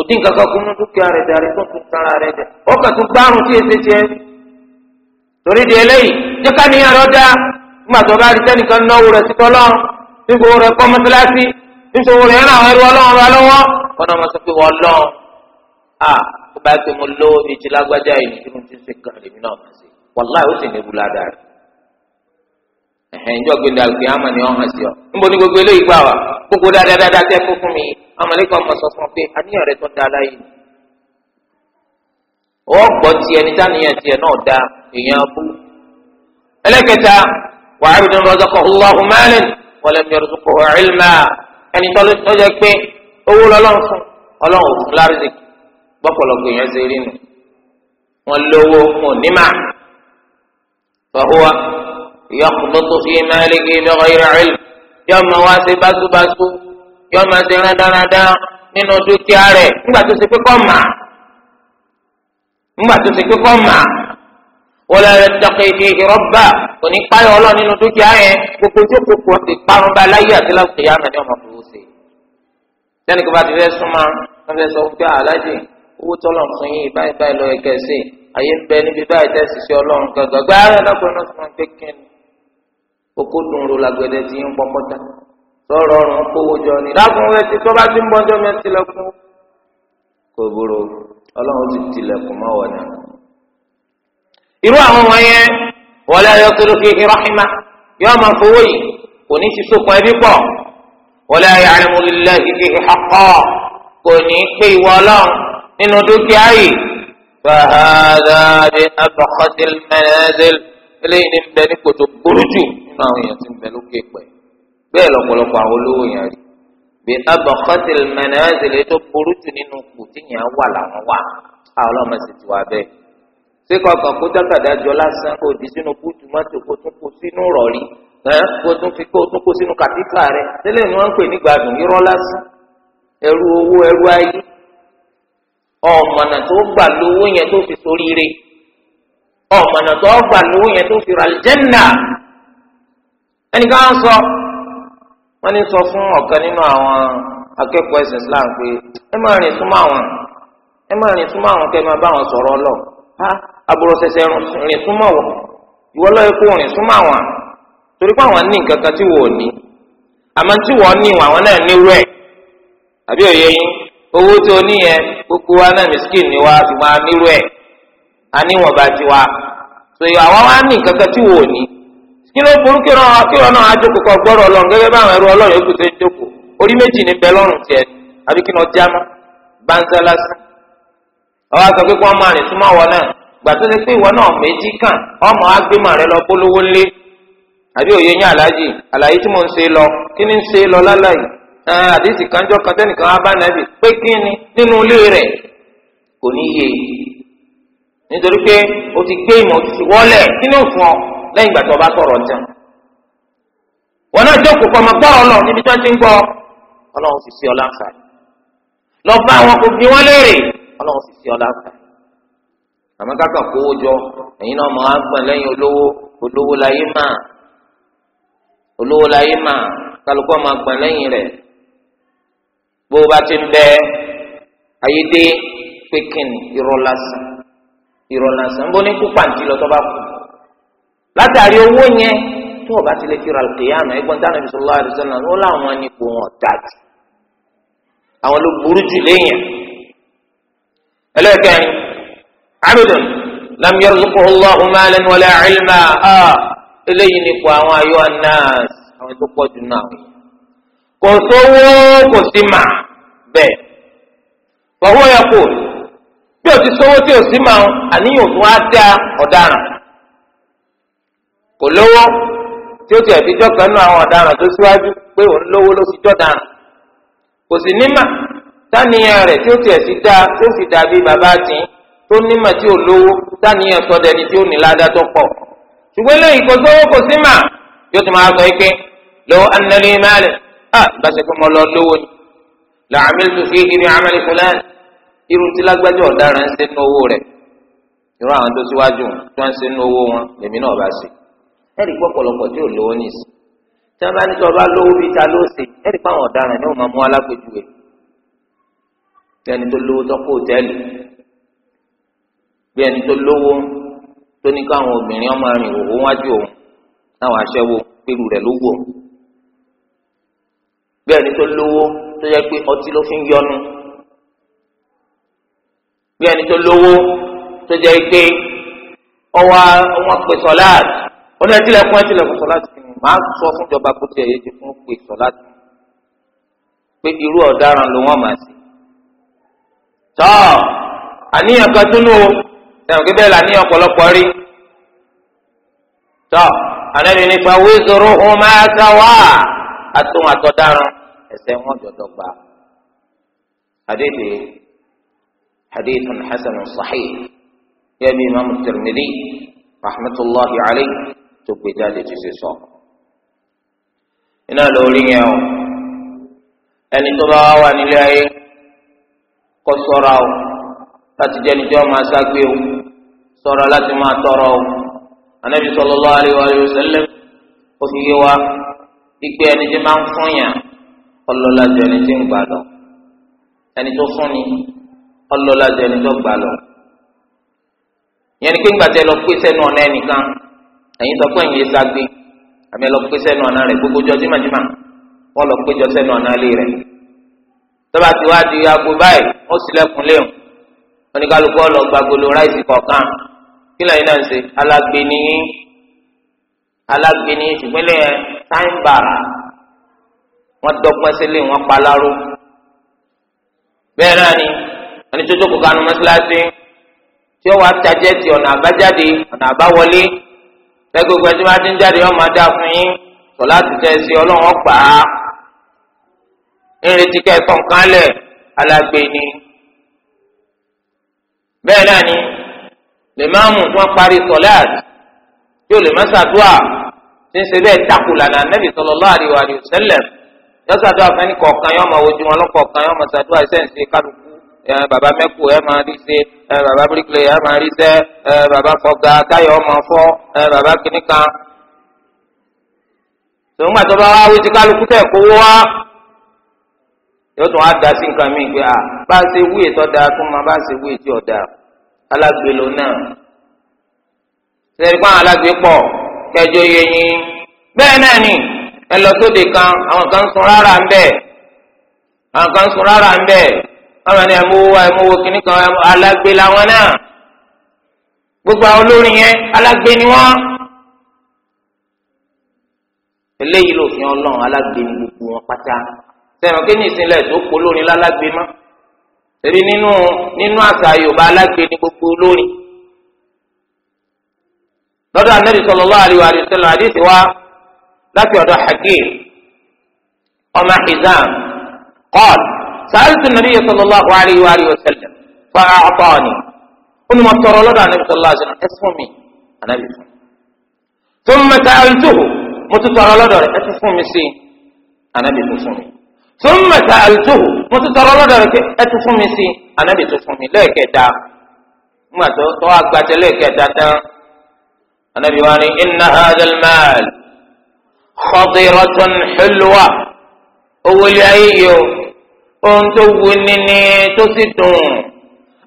òdì nǹkan kan kún dúkìá rẹ̀ darí tó tún tara rẹ̀ jẹ ọkàn tún gbárùn tí èsì tiẹ̀ torí di eléyìí jẹ́ká ní àrọ́ dá nígbà tó bá rí sẹ́nìkan náwó rẹ̀ sí tọ́lọ́ nígbà owó rẹ̀ kọ́ mọ́sálásí nígbà owó rẹ̀ ràn àwọn ẹrú ọlọ́run wa lọ́wọ́ ọ̀nà ọmọ sọ pé wọ́n lọ́ à tó bá ti mo lọ èjì lágbájá ìlú tí mo ti ṣe kàn lèmi náà wàláì ó sì ní ewu ládàá rẹ̀ e ǹjọ́ gbé dàgbé àmà ni ọ̀hàn sí ọ. gbogbo eléyìí gbà wá gbogbo dáadáa tẹ́ fún fún mi amalekọ ọmọ sọ fún ọ pé àníyàn rẹ tó da láyé ni. ọ gbọ́ tiẹ̀ ní táníyàn náà da èèyàn bú. ẹlẹ́kẹta wàá rí nínú ọjọ́ kan ọlọ́hùn mẹ́rin wọlé mi ọdún kọ ẹ̀ẹ́lmà ẹni tó jẹ́ pé owó lọ́lọ́run fún ọlọ́run òfin ṣe rí nu wọn lówó yọkùtùtù fi máàlìkì bighairi ilm yọ ma wá sí báṣubáṣu yọ ma sí rádaràdá nínú dúkìá rẹ̀ ńgbà tó ti pé kọ́ mà ńgbà tó ti pé kọ́ mà wọlé ẹtọ́kẹ́ ìdí ìrọ́bà kò ní páyọ̀ ọlọ́ nínú dúkìá yẹn gbogbo tí kòkò ti parun bá láyé àti láwùjọ yá mẹ́rin ọmọ kòkó sí. sẹ́ni kò bá ti fẹ́ súnmọ́ wọ́n fẹ́ sọ pé aláàjì owó tọ́lọ̀ fún yín báyìí báyìí lọ́ọ́ ẹ̀kẹ́ sí àyè ń bẹ níbi báyìí tẹ̀sí sí ọlọ́run gàgàgbà ẹ̀rọ ẹ̀dọ́kùnrin náà sọ pé kí ni kókó dunro làgbẹ̀dẹ ti ń pọkọta sọ̀rọ̀ ọ̀rùn kówó jọ ni dákun rẹ ti tọ́ba ti ń bọ́jọ́ mi tilẹ̀kùn kò burú ọlọ́run ti tilẹ̀kùn mọ́ wọ̀ náà. irú àwọn wọ̀nyẹn wọlé ayọ́kẹ́lẹ́ kékeré rahima yóò máa fowó yìí kò ní ti sokùn ẹbí pọ̀ wọlé ayé alimulilẹ̀ kékeré xaqọ́ kò ní pé ìwọ nínú dúkìá yìí. فهذا من أبخس المنازل إليه من ذلك تبرجوا fún àwọn èèyàn tí ń bẹ lókè pẹ̀ bẹ́ẹ̀ lọ́pọ̀lọpọ̀ àwọn olówó yẹn rí bí abọ́kọ́tì mẹ́nẹ́ẹ́sìlè tó burú jù nínú kù tíyẹn wà làwọn wà àwọn ọlọ́mọ sì ti wà bẹ́ẹ̀ ṣé kankan kó jákàdá jọ lásán kó di sínú kútu mọ́tò kó tún kó sínú rọ̀rí kó tún fi kó tún kó sínú kàtíkà rẹ̀ tẹ́lẹ̀ ni wọ́n ń pè ní gbádùn irọ́ lásán ẹrú owó ẹrú ayé ọ̀mọ̀nà tó gbà lówó yẹn tó fi soríire ọ̀mọ̀nà tó gbà lówó yẹn tó fi ràlìjẹ́nà ẹnìkan á ń sọ wọ́n ní sọ fún ọ̀kan nínú àwọn akẹ́kọ̀ọ́ ẹ̀sìn Islam pé ẹ máa rìn súnmọ́ àwọn ẹ máa rìn súnmọ́ àwọn kẹ́ ẹ máa bá wọn sọ̀rọ̀ ọlọ́ ha aburú ṣẹ̀ṣẹ̀ rìn súnmọ́ wọn ìwọ lọ́yẹ kó rìn súnmọ́ àwọn torí pé àwọn ní nǹkan kan tí wọ́n ò ní àmọ́ tí wọ́n ní wọn àwọn náà ní rẹ̀ àbí òye yín owó tó ní yẹn gbogbo wa náà miskin ni wa ṣùgbọ́n a ní rẹ̀ a níwọ̀nba tiwa so àwọn wa ní nǹkan kan tí wọ́n ò ní kí ló burú kí wọn náà ajókòó kọ gbọ́rọ̀ ọlọ́run bá àwọn ẹrú ọlọ́run yóò tètè jókòó orí méjì ní bẹ lọ́rùn tiẹ̀ àbí kí wọn jámá báńsá lásán ọwọ́ àgbà pé kí máa rìn wọn náà gbà tó ṣe pé ìwọ náà méjì kàn ọmọ rẹ lọ polówó lé àbí òye yín aláàjì àlàyé tí ń ni ń ṣe lọ ni nínú ilé rẹ kò ní yé nítorí pé o ti gbé lẹ́yìn ìgbà tó o bá sọ̀rọ̀ wọn náà jókòó kọ́ ọmọ gbọ́rọ̀ lọ níbi tí wọ́n ti ń gbọ́ ọlọ́run sì sí ọ láǹfààní lọ bá kò bí léèrè ọlọ́run sì sí ọ láǹfààní àmọ́ kówó jọ ẹ̀yin náà máa gbọ̀n lẹ́yìn olówó olówó láyé mà olówó láyé látàrí owó yẹn tó o bá ti lè fi kìyàmù tí ó láwọn wọn àwọn ló burú jù abidun a eléyìí nípò àwọn ayọ́ anáàs àwọn tó pọ̀ jù náà kò sówó kò sí mà bẹ́ẹ̀ wàhùn ẹ̀kọ́ bí o ti sówó tí o sí mà àníyàn tó wá kò lówó tí ó ti ẹ̀fíjọ́ kan nú àwọn ọ̀daràn tó síwájú pé òun lówó ló fi jọ́ daràn kò sì nímà táníyàn rẹ̀ tí ó ti ẹ̀sí dá tó sì dàbí bàbá tì í tó nímà tí ò lówó táníyàn sọdẹ ni tí ó ní ládàá tó pọ̀ ṣùgbọ́n lẹ́yìn kò sówó kò sí mà yóò ti máa sọ ike lọ́wọ́ anẹ́lẹ́ mẹ́lẹ̀ à ìbáṣe pé mo lọ lówó ni làmì tó fi ibi àmàlì fúlẹ́ẹ̀n irú tí lágbájá ọ̀daràn ń ṣe nínú owó rẹ̀ irú àwọn tó síwájú tó ń ṣe nínú owó wọn lèmi náà bá ṣe ẹ̀rí pọ̀ pọ̀lọpọ̀ tí ò lówó nìsí tí wọ́n bá ní tí wọ́n bá lówó bíi ta ló ṣe ẹ̀rí pọ̀ àwọn ọ̀daràn ni wọ́n máa mú alápèjúwe bí ẹni tó lówó tó kó hòtẹ́ẹ̀lì bí ẹni tó lówó tó ní káwọn obìnrin ọmọ rìn òwò wájú òun táwọn aṣẹ́wó pẹ̀lú rẹ̀ ló bí ẹni tó lówó tó yẹ pé ọtí ló fi ń yọnu bí ẹni tó lówó tó jẹ́ pé ọwọ́ wọn pè sọ́láàtì ó ní ẹtìlẹ̀kùn ẹtìlẹ̀kùn sọ láti fún mi màá sọ fún ìjọba kó tiẹ̀ yé ti fún pé sọ láti pé irú ọ̀daràn ló wọ́n máa sí. tọ́ àníyàn kan tún nù o ẹ̀rùn kí bẹ́ẹ̀ làníyàn ọ̀pọ̀lọpọ̀ rí. tọ́ ànábi nípa wíṣọrọ ohun máa ta wá àtúnwò àtọ̀daràn ẹsẹ̀ wọn jọ̀dọ̀ gbà. àdéhùn hadithun hasan sahih yẹ́bi imaamu tirmidhi rahmatulahi alayhi tó gbé jáde ti ṣe sọ. iná lórí yẹn o ẹni tó bá wà nílé ayé kó ṣọ́ra o láti jẹ́ ẹni tí wọ́n máa ságbé o ṣọ́ra láti máa tọrọ o anabi sallallahu alaihi wa sallam ó fi yé wa ìgbé ẹni tí máa ń fún yàn ọlọ́lá ju ẹni tí ń gbà lọ ẹni tó fún ni ọlọ́lá ju ẹni tó gbà lọ yẹn ni pé ńgbà tẹ lọ pé sẹ́nu ọ̀nà ẹnìkan ẹ̀yin sọ pé ẹ̀yin ẹ̀sà gbé àmì ẹ̀lọ́ pé sẹ́nu ọ̀nà rẹ̀ gbogbo jọ jímàjímà wọ́n lọ péjọ sẹ́nu ọ̀nà alẹ́ rẹ̀ tọ́ba ti wá di aago báyìí ó sílẹ̀kùn léèmù oníkálukú ọ̀lọ́ gbàgbolo ráìsì kọ̀ọ̀kan kí lẹ́yìn náà ń ṣe alágbèéní alágbèéní ìpínlẹ̀ táìmbà wọ́n dọ́gbọ́n sílé wọn paláró bẹ́ẹ̀ náà ni ẹni kanu mọ́sálásí tí ó wàá tajẹ́ ti ọ̀nà àbájáde ọ̀nà àbáwọlé lẹ́gbẹ̀gbẹ̀ ẹtí máa ti ń jáde ọmọ adá fún yín sọ láti tẹ́ sí ọlọ́run ọ̀pá ìrètí kẹsàn kálẹ̀ alágbe ni. bẹ́ẹ̀ náà ni lèmáàmù tí wọ́n parí sọ̀láàtì yóò lè má ṣàdúà tí ń ṣe bẹ́ẹ̀ takò lànà nẹ́bí sallallahu alaihi wa sallam yọ ṣàdúà fẹ́ni kọ̀ọ̀kan yọ ọmọ ojú wọn lọ́kọ̀ọ̀kan yọ ọmọ ṣàdúà iṣẹ́ ń ṣe kálukú Baba bàbá mẹ́kù ẹ máa rí ṣe ẹ bàbá bíríkìlẹ̀ ẹ máa rí ṣe ẹ bàbá fọgá káyọ̀ ọmọ fọ́ ẹ bàbá kìnnìkan. tòun àti ọba wa wí ti kálukú tẹ̀ kówó wá yóò tún á da sí nǹkan mi pé à bá a ṣe wí ètò ọ̀dà tó máa bá a ṣe wí ètò ọ̀dà alágbèlò náà. sẹ́ríkọ́ àwọn alágbèpọ̀ kẹjọ yẹ yín bẹ́ẹ̀ náà ni ẹ lọ sóde kan àwọn kan sun rárá ń bẹ̀ àwọn kan sun rárá ń bẹ̀ àwọn ni ẹmú wa ẹmú wo kìnnì kan alágbé làwọn náà gbogbo àwọn olórin yẹn alágbé ni wọn eléyìí lòfin Ọlọ́run alágbé ni gbogbo wọn pátá sẹ́wọ̀n kí ni ìsinlẹ̀ tó kó lórin lálágbé mọ́ èmi nínú nínú àṣà Yorùbá alágbé ni gbogbo olórin lọ́dọ̀ Ànábì sallallahu alaihi wa sallam àdìsí wa láti ọ̀dọ̀ Hakim ọmọ Hizam qala. سألت النبي صلى الله عليه وآله وسلم فأعطاني أنا ما ترى لنا النبي صلى الله عليه وسلم اسمي أنا بسم ثم سألته ترى لنا اسمي سي أنا بسمي ثم سألته ترى لنا اسمي سي أنا بسمي لا كدا ما توا قاتل كدا النبي واني إن هذا المال خضرة حلوة أولي أيوه ohun tó wuni ni tó sì dùn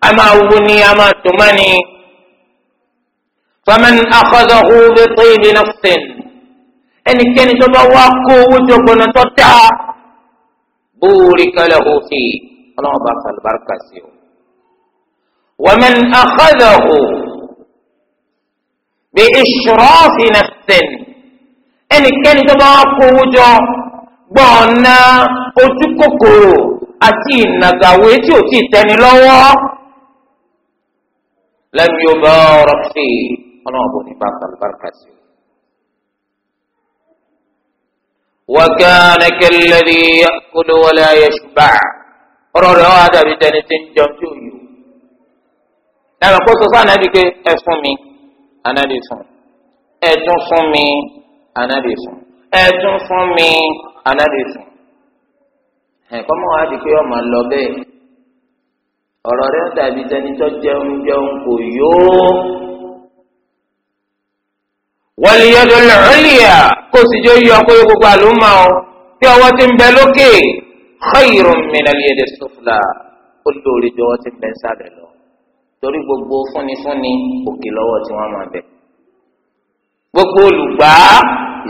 a máa wuni a máa dùn má ni. faman akhadahu bi tayyibi nafsin ẹnikẹ́ni tó bá wá kó owó tó gbọ́nà tó dáa burika lahu fi ọlọ́run bá sàlùbáríkà sí o. waman akhadahu bi ishrafi nafsin ẹnikẹ́ni tó bá wá kó owó jọ gbọ́nà ojú àti ìnàgàwé tí ò tí ì tẹni lọ́wọ́ lẹ́nu yóò bá ọ̀rọ̀ sí i ọlọ́run bò ní bàbá àlùbáríkà sí i. وكان كالذي يأكل ولا يشبع ọ̀rọ̀ rẹ̀ wá dàbí tẹni tí ń jẹun tí ò yó. Ẹ̀rọ kó sọ fún ànábì pé ẹ fún mi, ànábì fún. Ẹ tún fún mi, ànábì fún. Ẹ tún fún mi, ànábì fún ẹ̀ kọ́mọ́ wa di pé ọmọ lọ bẹ́ẹ̀ ọ̀rọ̀ rẹ̀ dàbí tẹni tó jẹun jẹun kò yó. wal yadul ulya kó sì jẹ́ yọ kó yóò gbogbo àlùmọ́ ọ bí ọwọ́ ti ń bẹ lókè khayrun minal yadis sufla ó lóore jọ ọwọ́ ti ń bẹ sábẹ̀ lọ torí gbogbo fúnnifúnni òkè lọ́wọ́ tí wọ́n máa bẹ̀ gbogbo olùgbà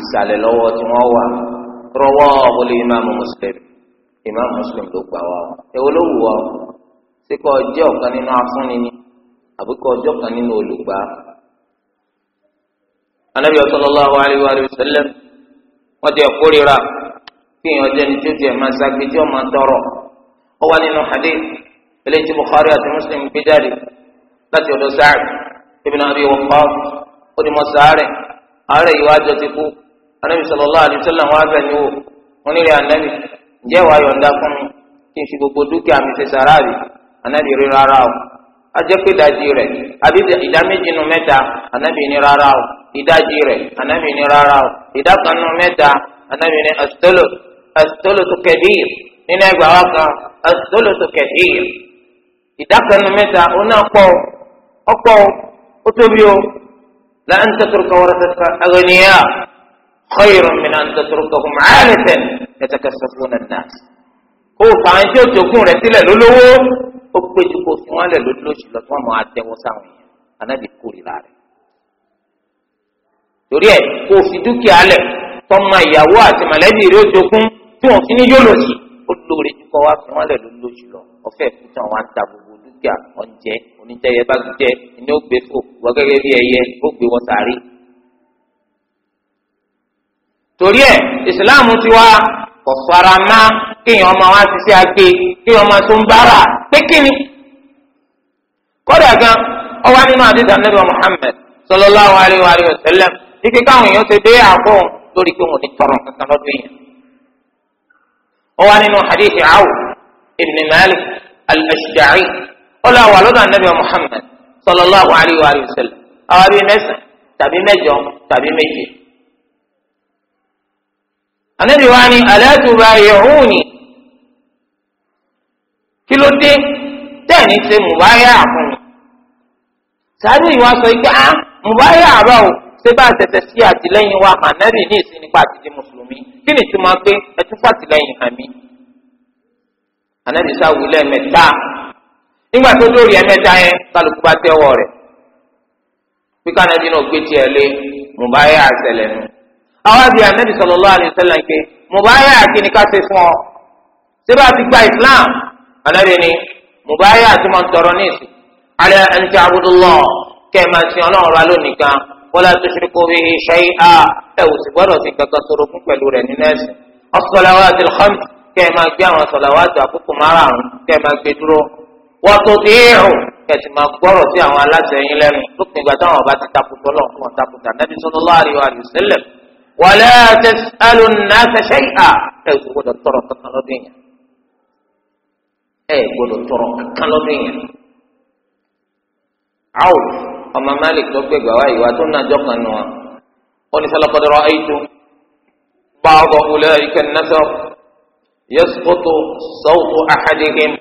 ìsàlẹ̀ lọ́wọ́ tí wọ́n wà rawahu al-imam Muslim. Imam Muslim ló gbà wá o èwo ló wù wá o ṣé kọ́ ọjọ́ ọ̀kan nínú afúnni ni àbí kọ́ ọjọ́ kan nínú olùgbà. Ànábì sallallahu alaihi wa sallam wọ́n ti ẹ̀kórira kí èèyàn jẹ́ ní tí ó ti ẹ̀ máa ṣagbe tí ó máa tọrọ ó wà nínú hadith eléyìí tí Bukhari àti Muslim gbé jáde láti ọ̀dọ̀ Sa'd ibn Abi Waqqas ó ní mo sàárẹ̀ àárẹ̀ yìí wá jọ ti kú Ànábì sallallahu alaihi wa sallam wá bẹ̀ ní wò wọ́n nílẹ̀ Ànábì ǹjẹ́ wàá yọ̀ǹda fún mi kí n fi gbogbo dúkìá mi ṣe sàráàlì ànábì rí rárá o a jẹ́ pé ìdajì rẹ̀ àbí ìdá méjì nu mẹ́ta ànábì ní rárá o ìdajì rẹ̀ ànábì ní rárá o ìdá kan nu mẹ́ta ànábì ní asitolo asitolo tó kẹdíir nínú ẹgbàá wa kan asitolo tó kẹdíir ìdá kan nu mẹ́ta ó náà pọ̀ ọ̀pọ̀ ó tóbi o la ń tẹ̀sọ̀rọ̀ kọ́ wọ́rọ̀ tẹ̀sọ̀rọ̀ aganiya khayrun min an tẹ̀sọ̀rọ̀ kọ́ kọ́ mọ́ yatakaffafuna an-nas kó o fà ń ṣe òjògùn rẹ sílẹ̀ lólówó ó péjú kó fún wọn lẹ̀ lóṣù lọ tí wọn máa tẹ́wọ́ sáwọn èèyàn anábì kórìíra rẹ̀ torí ẹ̀ kó o fi dúkìá lẹ̀ tọmọ ìyàwó àti mọ̀lẹ́bí rẹ̀ òjògùn tí wọn fi ní yóò lòsì ó lóore ju kọ wá fún wọn lẹ̀ lóṣù lọ ọ̀fẹ́ fúnta wọn á ta gbogbo dúkìá ọ̀njẹ oníjẹyẹ bá jẹ ẹni ó gbé fò wọ bí ẹyẹ ó gbé wọ sàárì torí ẹ ìsìláàmù ti wá kò fara má kéèyàn ọmọ wa ṣiṣẹ́ agbe kéèyàn ọmọ tó ń bára pé kíni. kódà gan ọwọ́ nínú àdéhùn anábìá Muhammad sallallahu alayhi wa sallam ike káwọn èèyàn ṣe dé àpò lórí pé wọn ò ní tọrọ kankan lọ́dún yẹn. ọwọ́ nínú hadith awu ibn Malik al-Ashja'i ọlọ́ àwọn àlọ́dọ̀ anábìá Muhammad sallallahu alayhi wa sallam àwọn abẹ́ mẹ́sàn-án tàbí mẹ́jọ tàbí méje anabi wa ni aláàtúbà yẹ̀hún ni kí ló dé tẹ́ẹ̀ni ṣe mùbáyà fún mi sáré ìwà sọ pé ah mùbáyà àbá o ṣé bá tẹ̀tẹ̀ sí àtìlẹ́yìn wa hàn nábì ní ìsìn nípa àtìdí mùsùlùmí kí ni tí máa pé ẹ tún fàtìlẹ́yìn hàn mí. ànábì sáwùú lẹ́ẹ̀mẹ́ta nígbà tó lórí ẹ̀mẹ́ta yẹn kálukú bá tẹ́wọ́ rẹ̀ pé kánábì náà gbé tiẹ̀ lé mùbáyà àṣẹlẹ̀ nù àwọn bíi anabi sallallahu alaihi wasallam pé mùbáyà àkíní ká ṣe fún ọ síbà ti gba islam anabi ni mùbáyà àti máa ń tọrọ ní ìsìn alẹ an ta'budullah kẹ ẹ máa sin Ọlọ́run ra lónìí gan wala tushriku bihi shay'a ẹ ò sì gbọ́dọ̀ sí kankan sorogún pẹ̀lú rẹ̀ nínú ẹsìn as-salawatil khams kẹ ẹ máa gbé àwọn sọlọwàtì àkókò márààrún kẹ gbé dúró wọn tó ti hẹrùn kẹsì máa gbọ́rọ̀ sí àwọn aláṣẹ yín lẹ́nu lópin ìgbà táwọn ọba ti takùtọ lọ fún ọtakùtà nàbí sallallahu alaihi wa sallam wàlẹ́ àtẹ̀sálù nàfẹ̀ṣẹ́ ìhà ẹ gbọ́dọ̀ tọrọ kankan lọ́dún yẹn ẹ gbọ́dọ̀ tọrọ kankan lọ́dún yẹn. àwọn ọmọ malik tó gbẹgbẹ wá ìwà tó nàjọ kan nù wọn ó ní sọlá kọdọrọ ayétu báwọ wulẹ ìkẹnẹsọ yẹsùkótó sọwọtò àhàdìhìm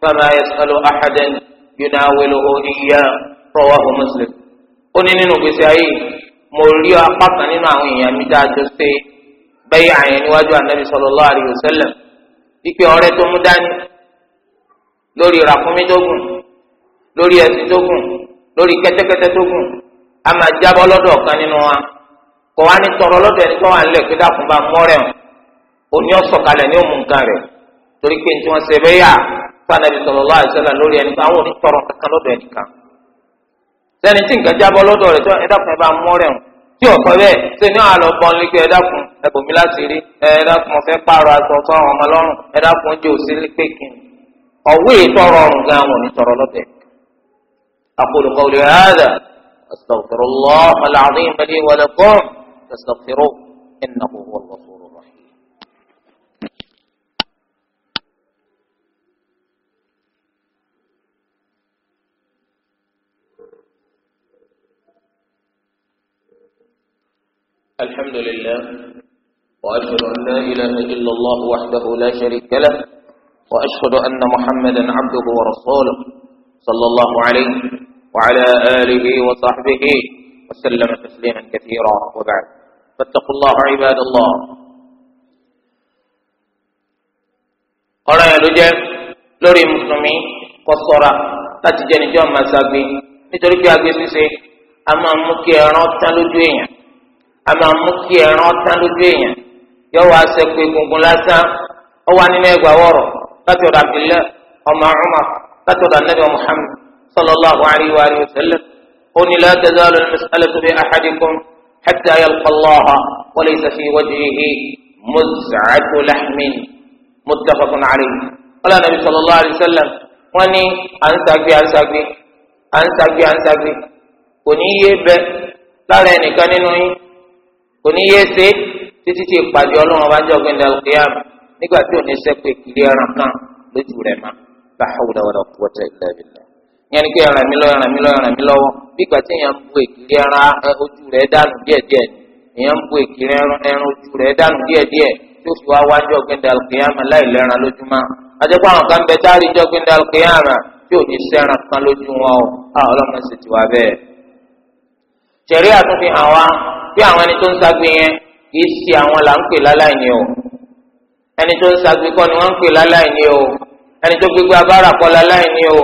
fama yẹsùkálù àhàdìn yóná wẹlẹ ó ìyá rọwà ó mùsùlùm ó ní nínú gbèsè ayé mo rí apá kan nínú àwọn èèyàn mi dáadọ́ pé bẹ́ẹ̀ àyàn níwájú ànábì sallallahu alaihi wasallam wípé ọ̀rẹ́ tó mú dání lórí ràkúnmí tó gùn lórí ẹṣin tó gùn lórí kẹ́tẹ́kẹ́tẹ́ tó gùn a máa jábọ́ lọ́dọ̀ ọ̀kan nínú wa kò wá ní tọrọ lọ́dọ̀ ẹni tó wà nílẹ̀ pé dàkún bá mọ́ rẹ̀ ò ní ọ̀sọ̀kalẹ̀ ní òmù nǹkan rẹ̀ torí pé ní tí wọ́n ṣe bẹ́ẹ̀ yà fún ànábì sallallahu alaihi wasallam lórí ẹni sẹ́ni tí nǹkan jábọ́ lọ́dọ̀ rẹ̀ tó ẹ dákun ẹ bá mú rẹ̀ hùn tí ò sọ bẹ́ẹ̀ ṣe ní àlọ́ bọ́n lé pé ẹ dákun ẹ bò mí láti rí ẹ dákun fẹ́ pààrọ̀ aṣọ sọ́run ọmọ lọ́rùn ẹ dákun oúnjẹ òsì pé kí ni ọ̀wé ìtọrọ ọrùn gan wọn ní tọrọ lọ́bẹ̀. أقول قولي هذا أستغفر الله العظيم لي ولكم فاستغفروه إنه هو الغفور الحمد لله وأشهد أن لا إله إلا الله وحده لا شريك له وأشهد أن محمدا عبده ورسوله صلى الله عليه وعلى آله وصحبه وسلم تسليما كثيرا وبعد فاتقوا الله عباد الله قال يا رجال لوري مسلمي قصرا لا تجاني جوما سابي نتركي أقسيسي أمام مكي أنا أبتلو a máa mú kí ẹran tán lójú èèyàn yóò wá sẹ́kù egungun lásán ó wá nínú ẹgbàá wọ̀rọ̀ láti ọ̀dọ̀ Abdullah ọmọ Umar láti ọ̀dọ̀ Ànábì Muhammad sallallahu alayhi wa sallam ó ní la tazalu al-mas'alatu bi ahadikum hatta yalqa Allah wa laysa fi wajhihi muz'atu lahmin muttafaqun alayhi qala sallallahu alayhi wa sallam wọ́n ní à ń sàgbé à kò ní yé bẹ lára ẹnìkan nínú yín kò ní yé ṣe títí tí ìpàdé ọlọ́run bá jọ gbẹ̀ndà nígbà tí ò ní sẹ́pẹ̀ kiri ẹran kan lójú rẹ̀ ma la hawla wala quwwata illa billah yẹn ni pé ẹran mi lọ́wọ́ ẹran mi lọ́wọ́ ẹran mi lọ́wọ́ bí ìgbà tí èèyàn ń bu èkìrí ẹran ojú rẹ̀ dànù díẹ̀díẹ̀ èèyàn ń bu ẹran ojú rẹ̀ dànù díẹ̀díẹ̀ tí ó fi wá wájú láìlẹ́ran lójúmọ́ àwọn kan bẹ táàrí tí ò ní kan lójú wọn o ṣẹ̀rí àtúnfi hàn wá bí àwọn ẹni tó ń ṣagbe yẹn kìí ṣe àwọn là ń pè láláì ni o ẹni tó ń ṣagbe kọ́ ni wọ́n ń pè láláì ni o ẹni tó gbégbé abára kọ́ láláì ni o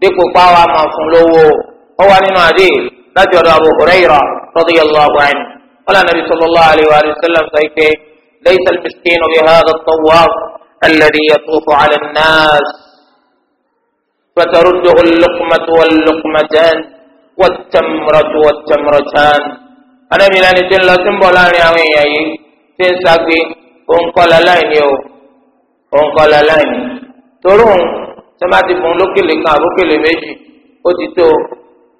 dípò páwa máa fún lówó ó wá nínú àdé láti ọ̀dọ̀ Abu Hurairah radiyallahu anhu qala nabi sallallahu alayhi wa sallam sọ pé laysa al-miskinu bi hadha at-tawwaf alladhi yatufu ala an-nas wọ́tẹ̀mùrọ̀tù wọ́tẹ̀mùrọ̀tàn. anábìrin ẹni tí ń lọ sí ń bọ̀ láàrin àwọn èèyàn yìí ti ń sagbe òǹkọ́lá láìní o òǹkọ́lá láìní. torí òun sọ́mátì fún lókèlè kan àbókèlè méjì ó ti tó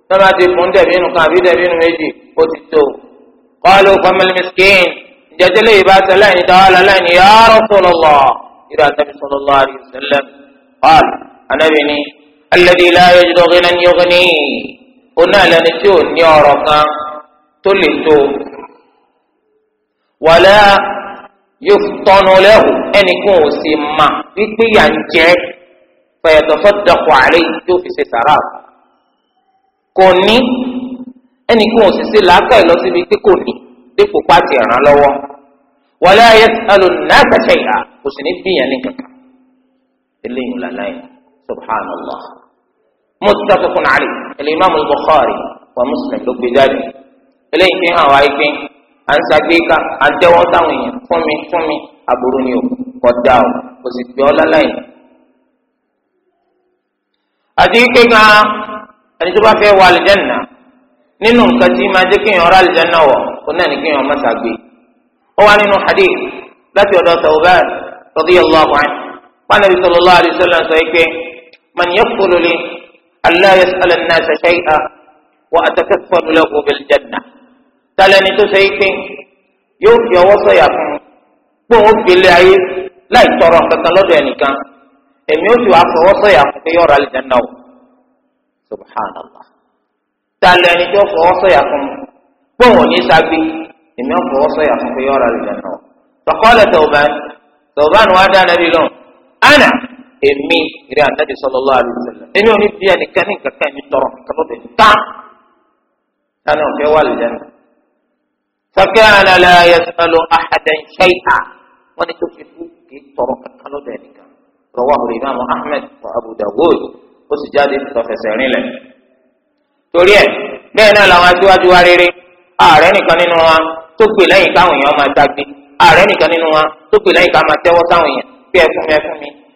sọ́mátì fún dẹ̀bínú kan àbí dẹ̀bínú méjì ó ti tó o. kọ́lù mìsíkìn ìjẹ́jẹ́lẹ̀ ìbá sẹ́láìní láìní yá Rasulullah ìrẹ́ àtàbí sallallahu alaihi wasallam. قال النبي الذي لا يجد غنى oní àlẹni tí ò ní ọ̀rọ̀ kan tó lè tó wàlẹ́ yóò tọ́nu lẹ́hù ẹnìkan ò sì mà wípé yà ń jẹ́ fẹ̀yẹ̀tọ̀fẹ́ dọ̀kọ̀ àárẹ̀ yóò fi ṣe sàrà kò ní ẹnìkan ò sì ṣe làákà ẹ̀ lọ síbi pé kò ní dípò pàtì ràn lọ́wọ́ wàlẹ́ ayé alùnàgbàṣẹ́ ìhà kò sì ní bíyàn ní kankan eléyìí ńlá láyé subhanallah muttafaqun alayhi. الإمام imam Al-Bukhari wa Muslim ló gbé jáde eléyìí fi hàn wá pé à ń ṣàgbéka à ń tẹ́wọ́ táwọn èèyàn fún mi fún mi àbúrò ni ò kọjá o kò sì gbé ọ lálẹ́ yìí. àti kéka ẹni tó bá fẹ́ wọ àlìjẹ́nà nínú nǹkan tí máa jẹ́ kéèyàn ọ̀rọ̀ àlìjẹ́nà wọ̀ ó náà ní kéèyàn má ṣàgbé. ó wà nínú hadith láti ọ̀dọ̀ Thawban radiyallahu anhu wa nabi sallallahu alaihi wasallam sọ pé man yaqulu أن لا يسأل الناس شيئا وأتكفل له بالجنة تلني تسيكين يوم يوصيكم بغض بالعيد لا يترى فتلو ذلك إن يوم يوصيكم يرى الجنة سبحان الله تلني توصيكم بغض نسابي إن يوم يوصيكم يرى الجنة فقال توبان توبان وعدا نبي لهم أنا èmi ìrẹ́ ànábì sallallahu alaihi wasallam èmi ò ní bí ẹnìkan ní kankan mi tọrọ kankan lọ́dọ̀ ní tán tánà ọ̀fẹ́ wà lẹ́nu. sọ́kẹ́ àlàlà yas'alu ahadan shay'a wọ́n ní tó fi kú kì í tọrọ kankan lọ́dọ̀ ẹnìkan rawahu al-imam Ahmad wa Abu Dawud ó sì jáde tọfẹsẹ̀ rinlẹ̀. torí ẹ bẹ́ẹ̀ náà làwọn aṣíwájú wa rere ààrẹ nìkan nínú wa tó gbè lẹ́yìn káwọn èèyàn máa dágbé ààrẹ nìkan nínú wa tó gbè lẹ́yìn káwọn máa tẹ́wọ́ káwọn èèyàn bí ẹ mi ẹ mi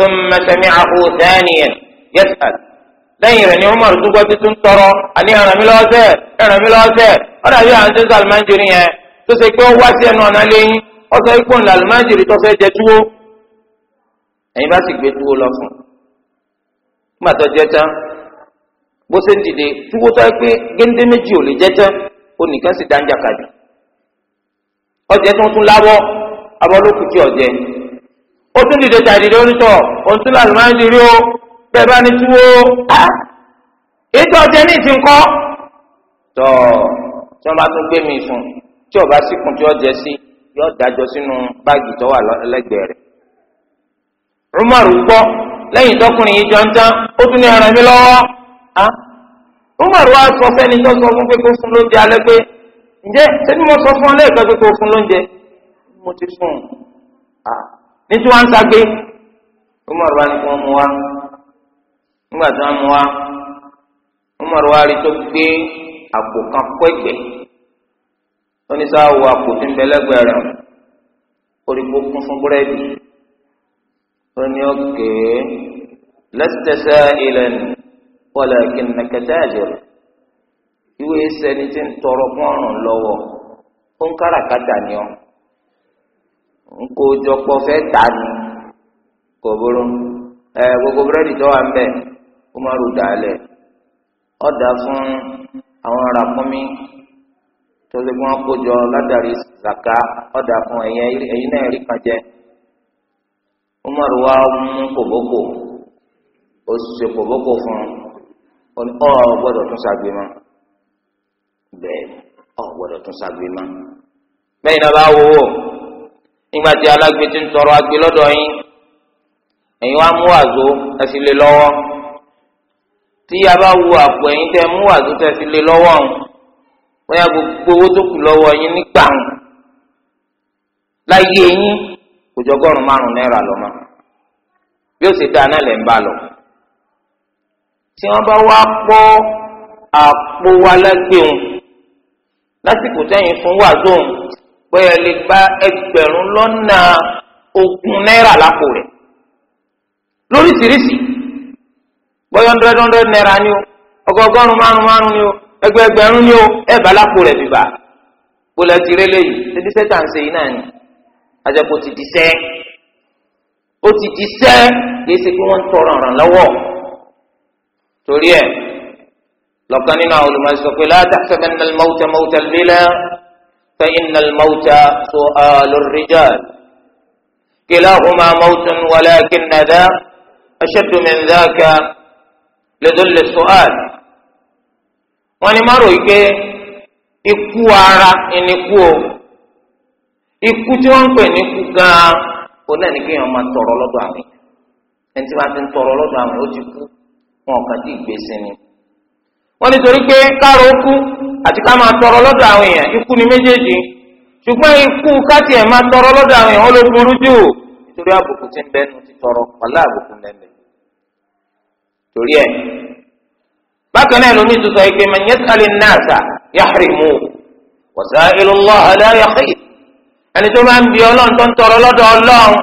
ثم سمعه ثانيا يسأل lẹ́yìn rẹ̀ ni umar dúgbọ́ tuntun tọrọ àní ẹ̀rànmílọ́sẹ̀ ẹ̀rànmílọ́sẹ̀ ọ̀dà yóò à ń sẹ́sọ àlùmájìrì yẹn tó ṣe pé ó wá sí ẹnu bó ṣe ń dìde tó pé géńdé méjì ò lè jẹ tán ó nìkan sì dáńjà kàdì ọjẹ tó ń tún ó tún dìde tàdìde onítọ̀ òǹtún làlù máa ń dirí o bẹ́ẹ̀ bá ní túwó á ètò ọjọ́ ní ìsìnkọ́ tọ́ tí wọ́n bá tún gbé mi sùn tí ọba síkùn tí ọjẹ́ sí yọ dájọ́ sínú báàgì tó wà lẹ́gbẹ̀ẹ́ rẹ̀ Umar gbọ́ lẹ́yìn tọkùnrin yìí jọ̀ǹtàn ó tún ní ọ̀ràn mi lọ́wọ́ á Umar wa sọ fẹ́ni tó sọ fún pé kó fún lóúnjẹ alẹ́ pé ǹjẹ́ sẹ́ni mo sọ fún ọ lẹ́ẹ̀kan pé kó fún lóúnjẹ mo ti fún un ní tí wọ́n ń sagbé Umar wa ni kí wọ́n mú wa nígbà tí wọ́n mú wa Umar wa rí tó gbé àpò kan kó ẹ̀gbẹ́ ó ní sáà wo àpò tí ń bẹ lẹ́gbẹ̀ẹ́ rẹ̀ orí kó kún fún búrẹ́dì ó ní òkè lẹ́sítẹ́sẹ́ ilẹ̀ nì wọlé kìnnìkẹ́tẹ́ àjẹrò ìwé sẹni tí ń tọrọ fún ọ̀ràn lọ́wọ́ ó ń ni ọ́. nkó fẹ fẹ́ tà ẹ gbogbo búrẹ́dì tó wà ń bẹ̀ kó má rò dàálẹ̀ fún àwọn ràkúnmí tó ládàrí fún náà rí kan jẹ Umar wa mú kòbókò ó ṣe kòbókò fún un ọ tún ṣàgbé ọ tún ṣàgbé ni nígbà tí alágbe ti ń tọrọ agbe lọ́dọ̀ yín ẹ̀yin wá mú wàzó ẹ sì lé lọ́wọ́ tí a bá wo àpò ẹ̀yin tẹ mú wàzó tẹ sì lé lọ́wọ́ ọ̀hún bóyá gbogbo owó tó kù lọ́wọ́ yín nígbà ń láyé yín kò jọ ọgọ́rùn-ún márùn náírà lọ́mọ́ bí ó sì dáa náà lẹ̀ ń bá lọ. tí wọ́n bá wá pọ́ àpò wa lẹ́gbẹ̀ẹ́ òun lásìkò tẹ́yìn fún wàzó òun bóyá lè gba ẹgbẹ̀rún lọ́nà ogún náírà lápò rẹ̀ lóríṣiríṣi bóyá hundred náírà ni o ọgọgọrùn márùn márùn ni o ẹgbẹgbẹ̀rún ni o ẹ lápò rẹ̀ bìbà bóyá ti rẹ lẹ́yìn ṣẹbi sẹta ń ṣe yìí náà ni àjẹkù ti di sẹ ó ti di sẹ kì í ṣe pé wọn ń tọrọ ràn lọ́wọ́ torí ẹ lọ́kàn nínú àwọn olùmọ̀ ìsọpẹ látàkùn فإن الموت سؤال الرجال كلاهما موت ولكن ذا أشد من ذاك لذل السؤال wọ́n má ròyìn pé ikú ara ẹni kú o ikú tí wọ́n ń pè ní kú gan-an kò náà ní kéèyàn máa tọrọ lọ́dọ̀ àwìn ẹni tí wọ́n ti ń tọrọ lọ́dọ̀ àwìn ó ti kú wọn kàn ti gbèsè ni. wọ́n ní pé káàró kú àti ká máa tọrọ lọ́dọ̀ àwọn èèyàn ikú ni méjèèjì ṣùgbọ́n ikú káti ẹ̀ máa tọrọ lọ́dọ̀ àwọn èèyàn ó ló burú jù nítorí àbùkù ti ń bẹnu ti tọrọ pàlà àbùkù lẹ́nu torí ẹ̀ bákan náà lómi tuntun ìpè man yas'al an-nasa yahrimu wasa'ilu Allah la yakhir ẹni tó máa ń bi ọlọ́run tó ń tọrọ lọ́dọ̀ ọlọ́run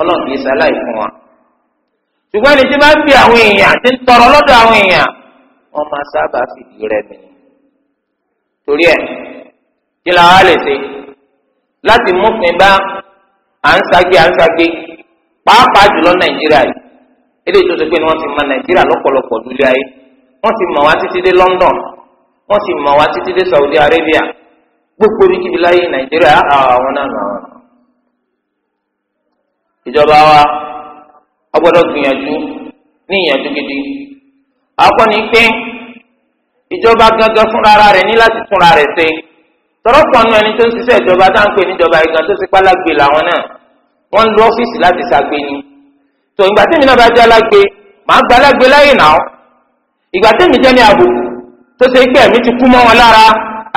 ọlọ́run kì í sáláì fún wa ṣùgbọ́n ẹni tí máa ń bi torí ẹ̀ kí la wá lè ṣe láti mófin bá à ń ṣagbe à ń ṣagbe pàápàá jùlọ nàìjíríà yìí eléyìí tó ṣe pé ni ti mọ nàìjíríà lọ́pọ̀lọpọ̀ dúlé ayé wọ́n ti mọ̀ wá títí dé London wọ́n ti mọ̀ wá títí dé Saudi Arabia gbogbo ibikíbi láyé nàìjíríà àwọn náà nà wọn. ìjọba wa ọgbọ́dọ̀ gbìyànjú ní ìyànjú gidi àwọn ni pé ìjọba gangan fúnra rẹ̀ ní láti túnra rẹ̀ ṣe tọrọ pọnú ẹni tó ń ṣiṣẹ́ ìjọba tá à ń pè níjọba igan tó ti pálágbé làwọn náà wọ́n ń lo ọ́fíìsì láti ṣàgbé ni tó ìgbà tẹ́mi náà bá jẹ́ alágbé màá gba alágbé láyè náà ìgbà tẹ́mi jẹ́ ní àbùkù tó ṣe pé ẹ̀mí ti kú mọ́ wọn lára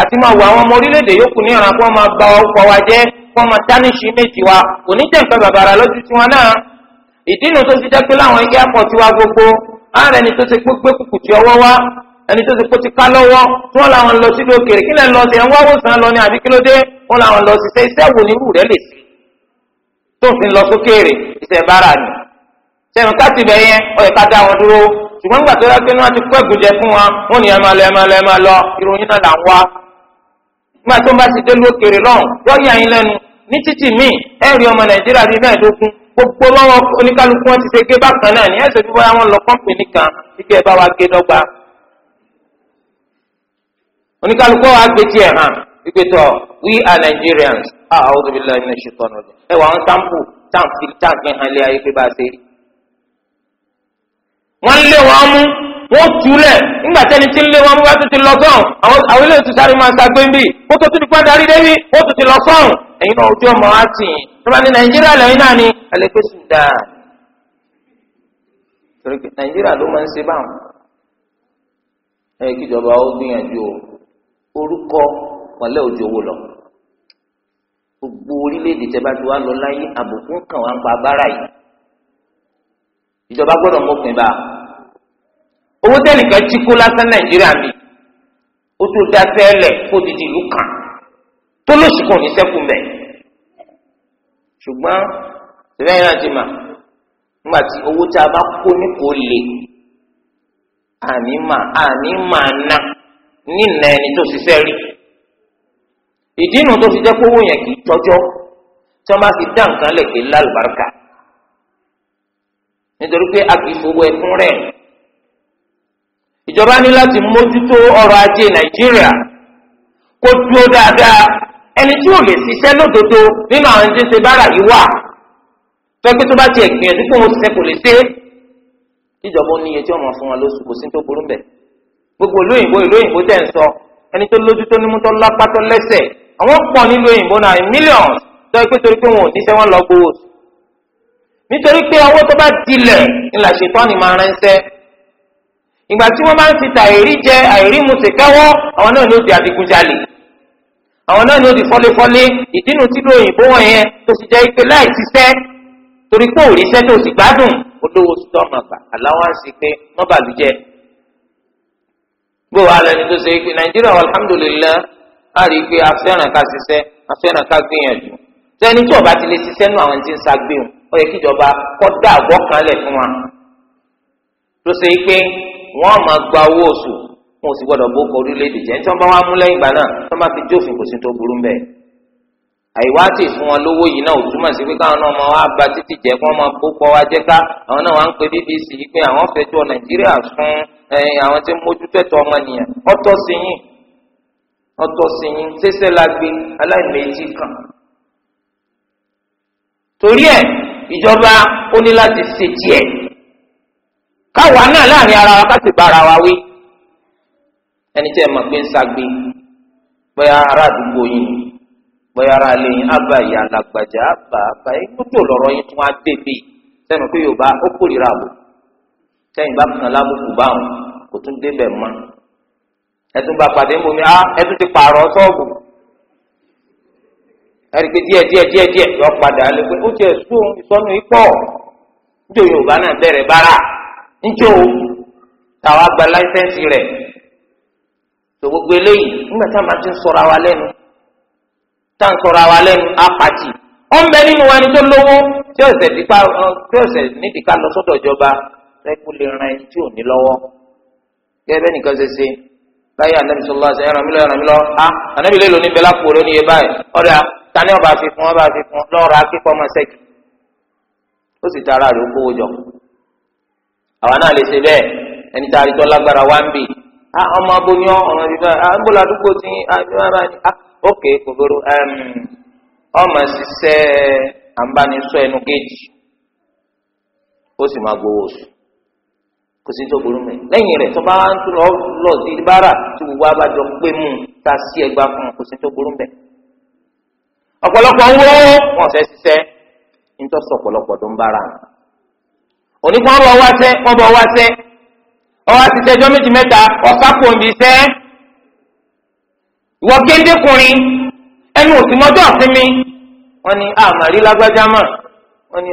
àti máa wo àwọn ọmọ orílẹ̀-èdè yòókù ní ìran kí wọ́n máa gba ọkọ̀ wa jẹ́ kí wọ́n máa dánìṣì méjì wa kò ní jẹ́ǹfẹ́ bàbàrà lójú tiwọn náà ìdí inú tó ti jẹ́ pé láwọn ẹgbẹ́ àpọ̀ tiwa gbogbo ààrẹ ni tó ṣe pé gbé kùkù ti ọwọ́ wa ẹni tó ti kó ti ká lọ́wọ́ tí wọ́n làwọn lọ sí lókèrè kí lẹ́ lọ sí ẹ̀ ń wáwó sàn lọ ní àbí kí ló dé wọ́n làwọn lọ sí ṣe iṣẹ́ wo ni irú rẹ̀ lè sí tó fi lọ sókèrè iṣẹ́ bára ni sẹ́yìn ká ti bẹ̀ yẹn ó yẹ ká dá wọn dúró ṣùgbọ́n nígbà tó yá pé wọ́n ti kó ẹ̀gùjẹ fún wa wọ́n ní ẹ máa lọ ẹ lọ ẹ lọ ìròyìn náà là ń wá nígbà tó ń bá ti dé lókèrè lọ́hùn yọ yà yín lẹ́nu ní títì míì ẹ rí ọmọ nàìjíríà bíi mẹ́ẹ̀ẹ́dógún gbogbo lọ́wọ́ oníkálukú wọn ti ṣe gé bákan náà ní ẹ̀sẹ̀ bí wọ́n wọn lọ pọ́ǹpì oníkálukú wa gbé hàn wípé we are Nigerians ah ọdún bíi lẹ́yìn náà ṣe tọ́nu ọdún ẹ wà wọn sáǹpù táǹfì táǹfì hàn lé ayé pé bá a ṣe rí. wọ́n lé wọn mú wọ́n túlẹ̀ nígbà tẹ́ni tí ń lé wọn mú wá tó ti lọ sọ́hùn àwọn ilé ìtúsáré máa ṣàgbé ń bì kó tó tún padà rí débi ó tó ti lọ sọ́hùn ẹ̀yin náà ojú ọmọ wa tì Nàìjíríà lẹ́yìn náà ni alẹ́pẹ́ Sudan Nàìjíríà ló máa ń ṣe báwọn ẹ̀ kíjọba ó gbìyànjú o orúkọ pọ̀lẹ́ òjò owó lọ gbogbo orílẹ̀-èdè tẹ́ bá ti wá lọ láyé àbùkù kàn wá ń pa agbára yìí ìjọba gbọ́dọ̀ mọ̀pin bá owó tẹ́nìkan tí kó lásán nàìjíríà mi ó tó dá sẹ́lẹ̀ kó didi ìlú kan tó lóṣù kò ní sẹ́kù mẹ́ ṣùgbọ́n ìrẹ́yìn náà ti mà nígbà tí owó tá a bá kó ní kò le àní mà àní mà náà nínà ẹni tó ṣiṣẹ́ rí ìdí nu tó fi jẹ́ kówó yẹn kì í tọ́jọ́ tí wọ́n bá fi dá nǹkan lè pé lálùbáríkà nítorí pé a kì í fowó ẹkún rẹ̀ ìjọba ní láti mójútó ọrọ̀ ajé nàìjíríà kó dúró dáadáa ẹni tí ò lè ṣiṣẹ́ lódodo nínú àwọn ẹni tí ń ṣe bára yìí wà tọ́pẹ́ tó bá tiẹ̀ gbìyànjú kó ṣiṣẹ́ kò lè ṣe é ìjọba ó níye tí wọ́n mọ̀ fún wọn lóṣù kò sí tó burú bẹ́ẹ̀ gbogbo olóyìnbó olóyìnbó tẹ̀ ń sọ ẹni tó lójú tó nímú tó lápá tó lẹ́sẹ̀ àwọn pọ̀ nílùú òyìnbó náà millions tó ẹ pé torí pé wọn ò níṣẹ́ wọn lọ gbowó nítorí pé owó tó bá dilẹ̀ ńlá ṣètọ́ni máa ránṣẹ́ ìgbà tí wọ́n máa ń ti ta àìrí jẹ àìrí mu ṣèkẹ́wọ́ àwọn náà ló di adigunjalè àwọn náà ló di fọ́léfọ́lé ìdínú tí ló òyìnbó wọn yẹn tó sì jẹ́ ipe láì ṣiṣẹ́ torí pé òrìṣẹ́ tó sì gbádùn olówó sùtọ́ ọmọ àgbà aláwọ̀ bó wàá lẹni tó ṣe é pé nàìjíríà alhamdulillah á rí i pé afẹ́ràn ká ṣiṣẹ́ afẹ́ràn ká gbìyànjú sẹ́ni tí ọba ti lè ṣiṣẹ́ nù àwọn tí ń ṣàgbé o ó yẹ kíjọba kọ́ dá àgọ́ kan lẹ̀ fún wa tó ṣe é pé wọ́n máa gba owó oṣù wọn ò sì gbọ́dọ̀ gbókò orílẹ̀-èdè jẹ́ tí wọ́n bá wá mú lẹ́yìn ìgbà náà tí wọ́n bá fi jófin kò sí tó burú mbẹ́ àìwá tì fún wọn lówó yìí náà ò túmọ̀ sí pé káwọn náà máa wá ba títì jẹ́ kí wọ́n máa gbókò wá jẹ́ ká àwọn náà wá ń pe bbc pé àwọn fẹ́ jọ nàìjíríà fún ẹ̀yin àwọn tí ń mójútó ẹ̀tọ́ ọmọnìyàn ọ̀tọ̀ sí yín ọ̀tọ̀ sí yín ṣẹṣẹ la gbé aláìméjì kan torí ẹ̀ ìjọba ó ní láti ṣe tiẹ̀ káwa náà láàrin ara wa ká sì bára wa wí ẹni tí ẹ mọ̀ pé ń sagbe bóyá ará àdúgbò yín bóyá ará ilé yín ábà ìyá alágbàjá ábà ábà ẹ gbọ́dọ̀ lọ́rọ̀ yín tún á débè sẹ́nu pé yorùbá ó kórìíra àbùkù. sẹ́yìn bá kan lábùkù báwọn kò tún débẹ̀ mọ́ ẹtún bá pàdé mi á ẹtún ti pààrọ̀ sọ́ọ̀bù yọ padà lé pé ó tiẹ̀ sún ìsọnù ipọ̀ níjó yorùbá náà bẹ̀rẹ̀ bára táwa gba tó gbogbo eléyìí nígbà tá a máa ti ń tá a ń sẹ́kù lè ran ẹni tí ò ní lọ́wọ́ gẹ́gẹ́ nìkan ṣe ṣe láyé anabi sọlá ṣe ẹran mi lọ ẹran mi lọ a ah, anabi lè lò ní bẹ́lá kúrò ní iye báyìí ọba fi fún ọba fi fún akíkọ́ ọmọ ó sì tara rẹ̀ kówó jọ àwa náà lè ṣe bẹ́ẹ̀ ẹni tá a rí tọ́ lágbára wá ń bì ah, ọmọ aboyún ọmọ bíbá ah, ń tí bí wọ́n bá ní kò sí tó burú mi lẹ́yìn rẹ̀ tó bá ń tún lọ lọ sí bára tí gbogbo abájọ pé mú un ta sí ẹgbàá fún un kò sí tó burú mi. ọ̀pọ̀lọpọ̀ ń wọ́ wọn fẹ́ ṣiṣẹ́ nítòsí ọ̀pọ̀lọpọ̀ tó ń bára hàn. oníkan bọ̀ wá sẹ́ wọ́n bọ̀ wá sẹ́ ọwọ́ àtisẹ́ ọjọ́ méjì mẹ́ta ọ̀ká ń bisẹ́. ìwọ géńdékùnrin ẹnu òsì mọ́jọ́ ọ̀sinmi wọ́n ní àmàrí lágbájá mọ̀ wọ́n ní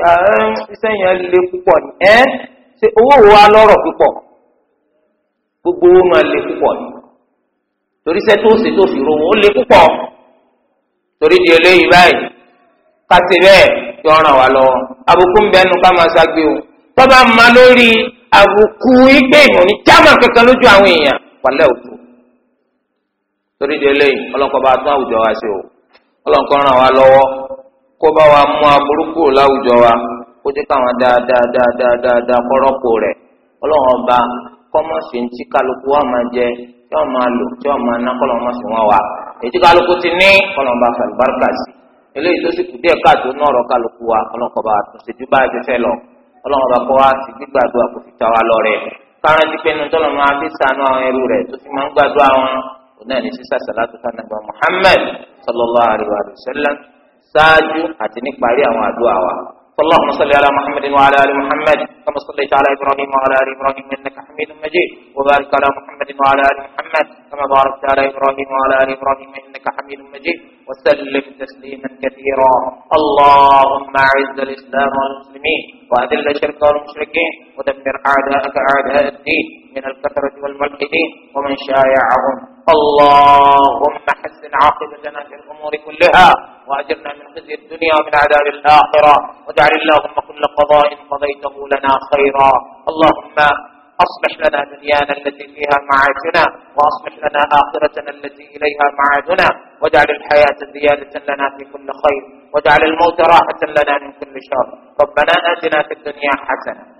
ṣe owó wo wá lọ́rọ̀ púpọ̀ gbogbo owó máa le púpọ̀ ni torí sẹ́ tó ṣe tó fi rówó ó le púpọ̀ torí di eléyìí báyìí ká ṣe bẹ́ẹ̀ yọ ràn wá lọ́wọ́ àbùkù ń bẹnu ká máa ṣàgbé o tọ́ba ma lórí àbùkù igbe ìmọ̀ ní jámà kankan lójú àwọn èèyàn torí di eléyìí ọlọ́nkọ́ bá tún àwùjọ wa o ọlọ́nkọ́ ràn wá lọ́wọ́ kó bá wa mú aburú wa. kó jẹ́ káwọn dáadáa dáadáa dáadáa kọ́rọ́pò rẹ̀ ọlọ́run ọba kọ́mọ̀sì ń tí kálukú wa máa jẹ tí wọ́n máa lò tí wọ́n máa ná kọ́lọ́ wọn sì wọ́n wa èyí tí kálukú ti ní kọ́lọ́ wọn bá fẹ́ àlùbáríkà sí eléyìí tó sì kù díẹ̀ káàtó ní ọ̀rọ̀ kálukú wa ọlọ́kọ̀ bá àtúnṣe ju báyìí fẹ́ lọ ọlọ́run ọba kọ́ wa ti gbígbàdúrà kò fi ta wa lọ rẹ̀ kárán ti pé nùtọ́lọ́ máa fi sànú àwọn ẹrú rẹ̀ tó fi máa ń gbàdúrà wọn onáà sísá sàlátù fanagbà Muhammad sallallahu alayhi wa sallam ṣáájú àti níparí àwọn àdúrà wa اللهم صل على محمد وعلى ال محمد كما صليت على ابراهيم وعلى ال ابراهيم انك حميد مجيد وبارك على محمد وعلى ال محمد كما باركت على ابراهيم وعلى ال ابراهيم انك حميد مجيد وسلم تسليما كثيرا اللهم اعز الاسلام والمسلمين واذل الشرك والمشركين ودمر اعداءك اعداء الدين من الكثرة والملحدين ومن شايعهم اللهم حسن عاقبتنا في الأمور كلها وأجرنا من خزي الدنيا ومن عذاب الآخرة واجعل اللهم كل قضاء قضيته لنا خيرا اللهم أصلح لنا دنيانا التي فيها معاشنا وأصلح لنا آخرتنا التي إليها معادنا واجعل الحياة زيادة لنا في كل خير واجعل الموت راحة لنا من كل شر ربنا آتنا في الدنيا حسنة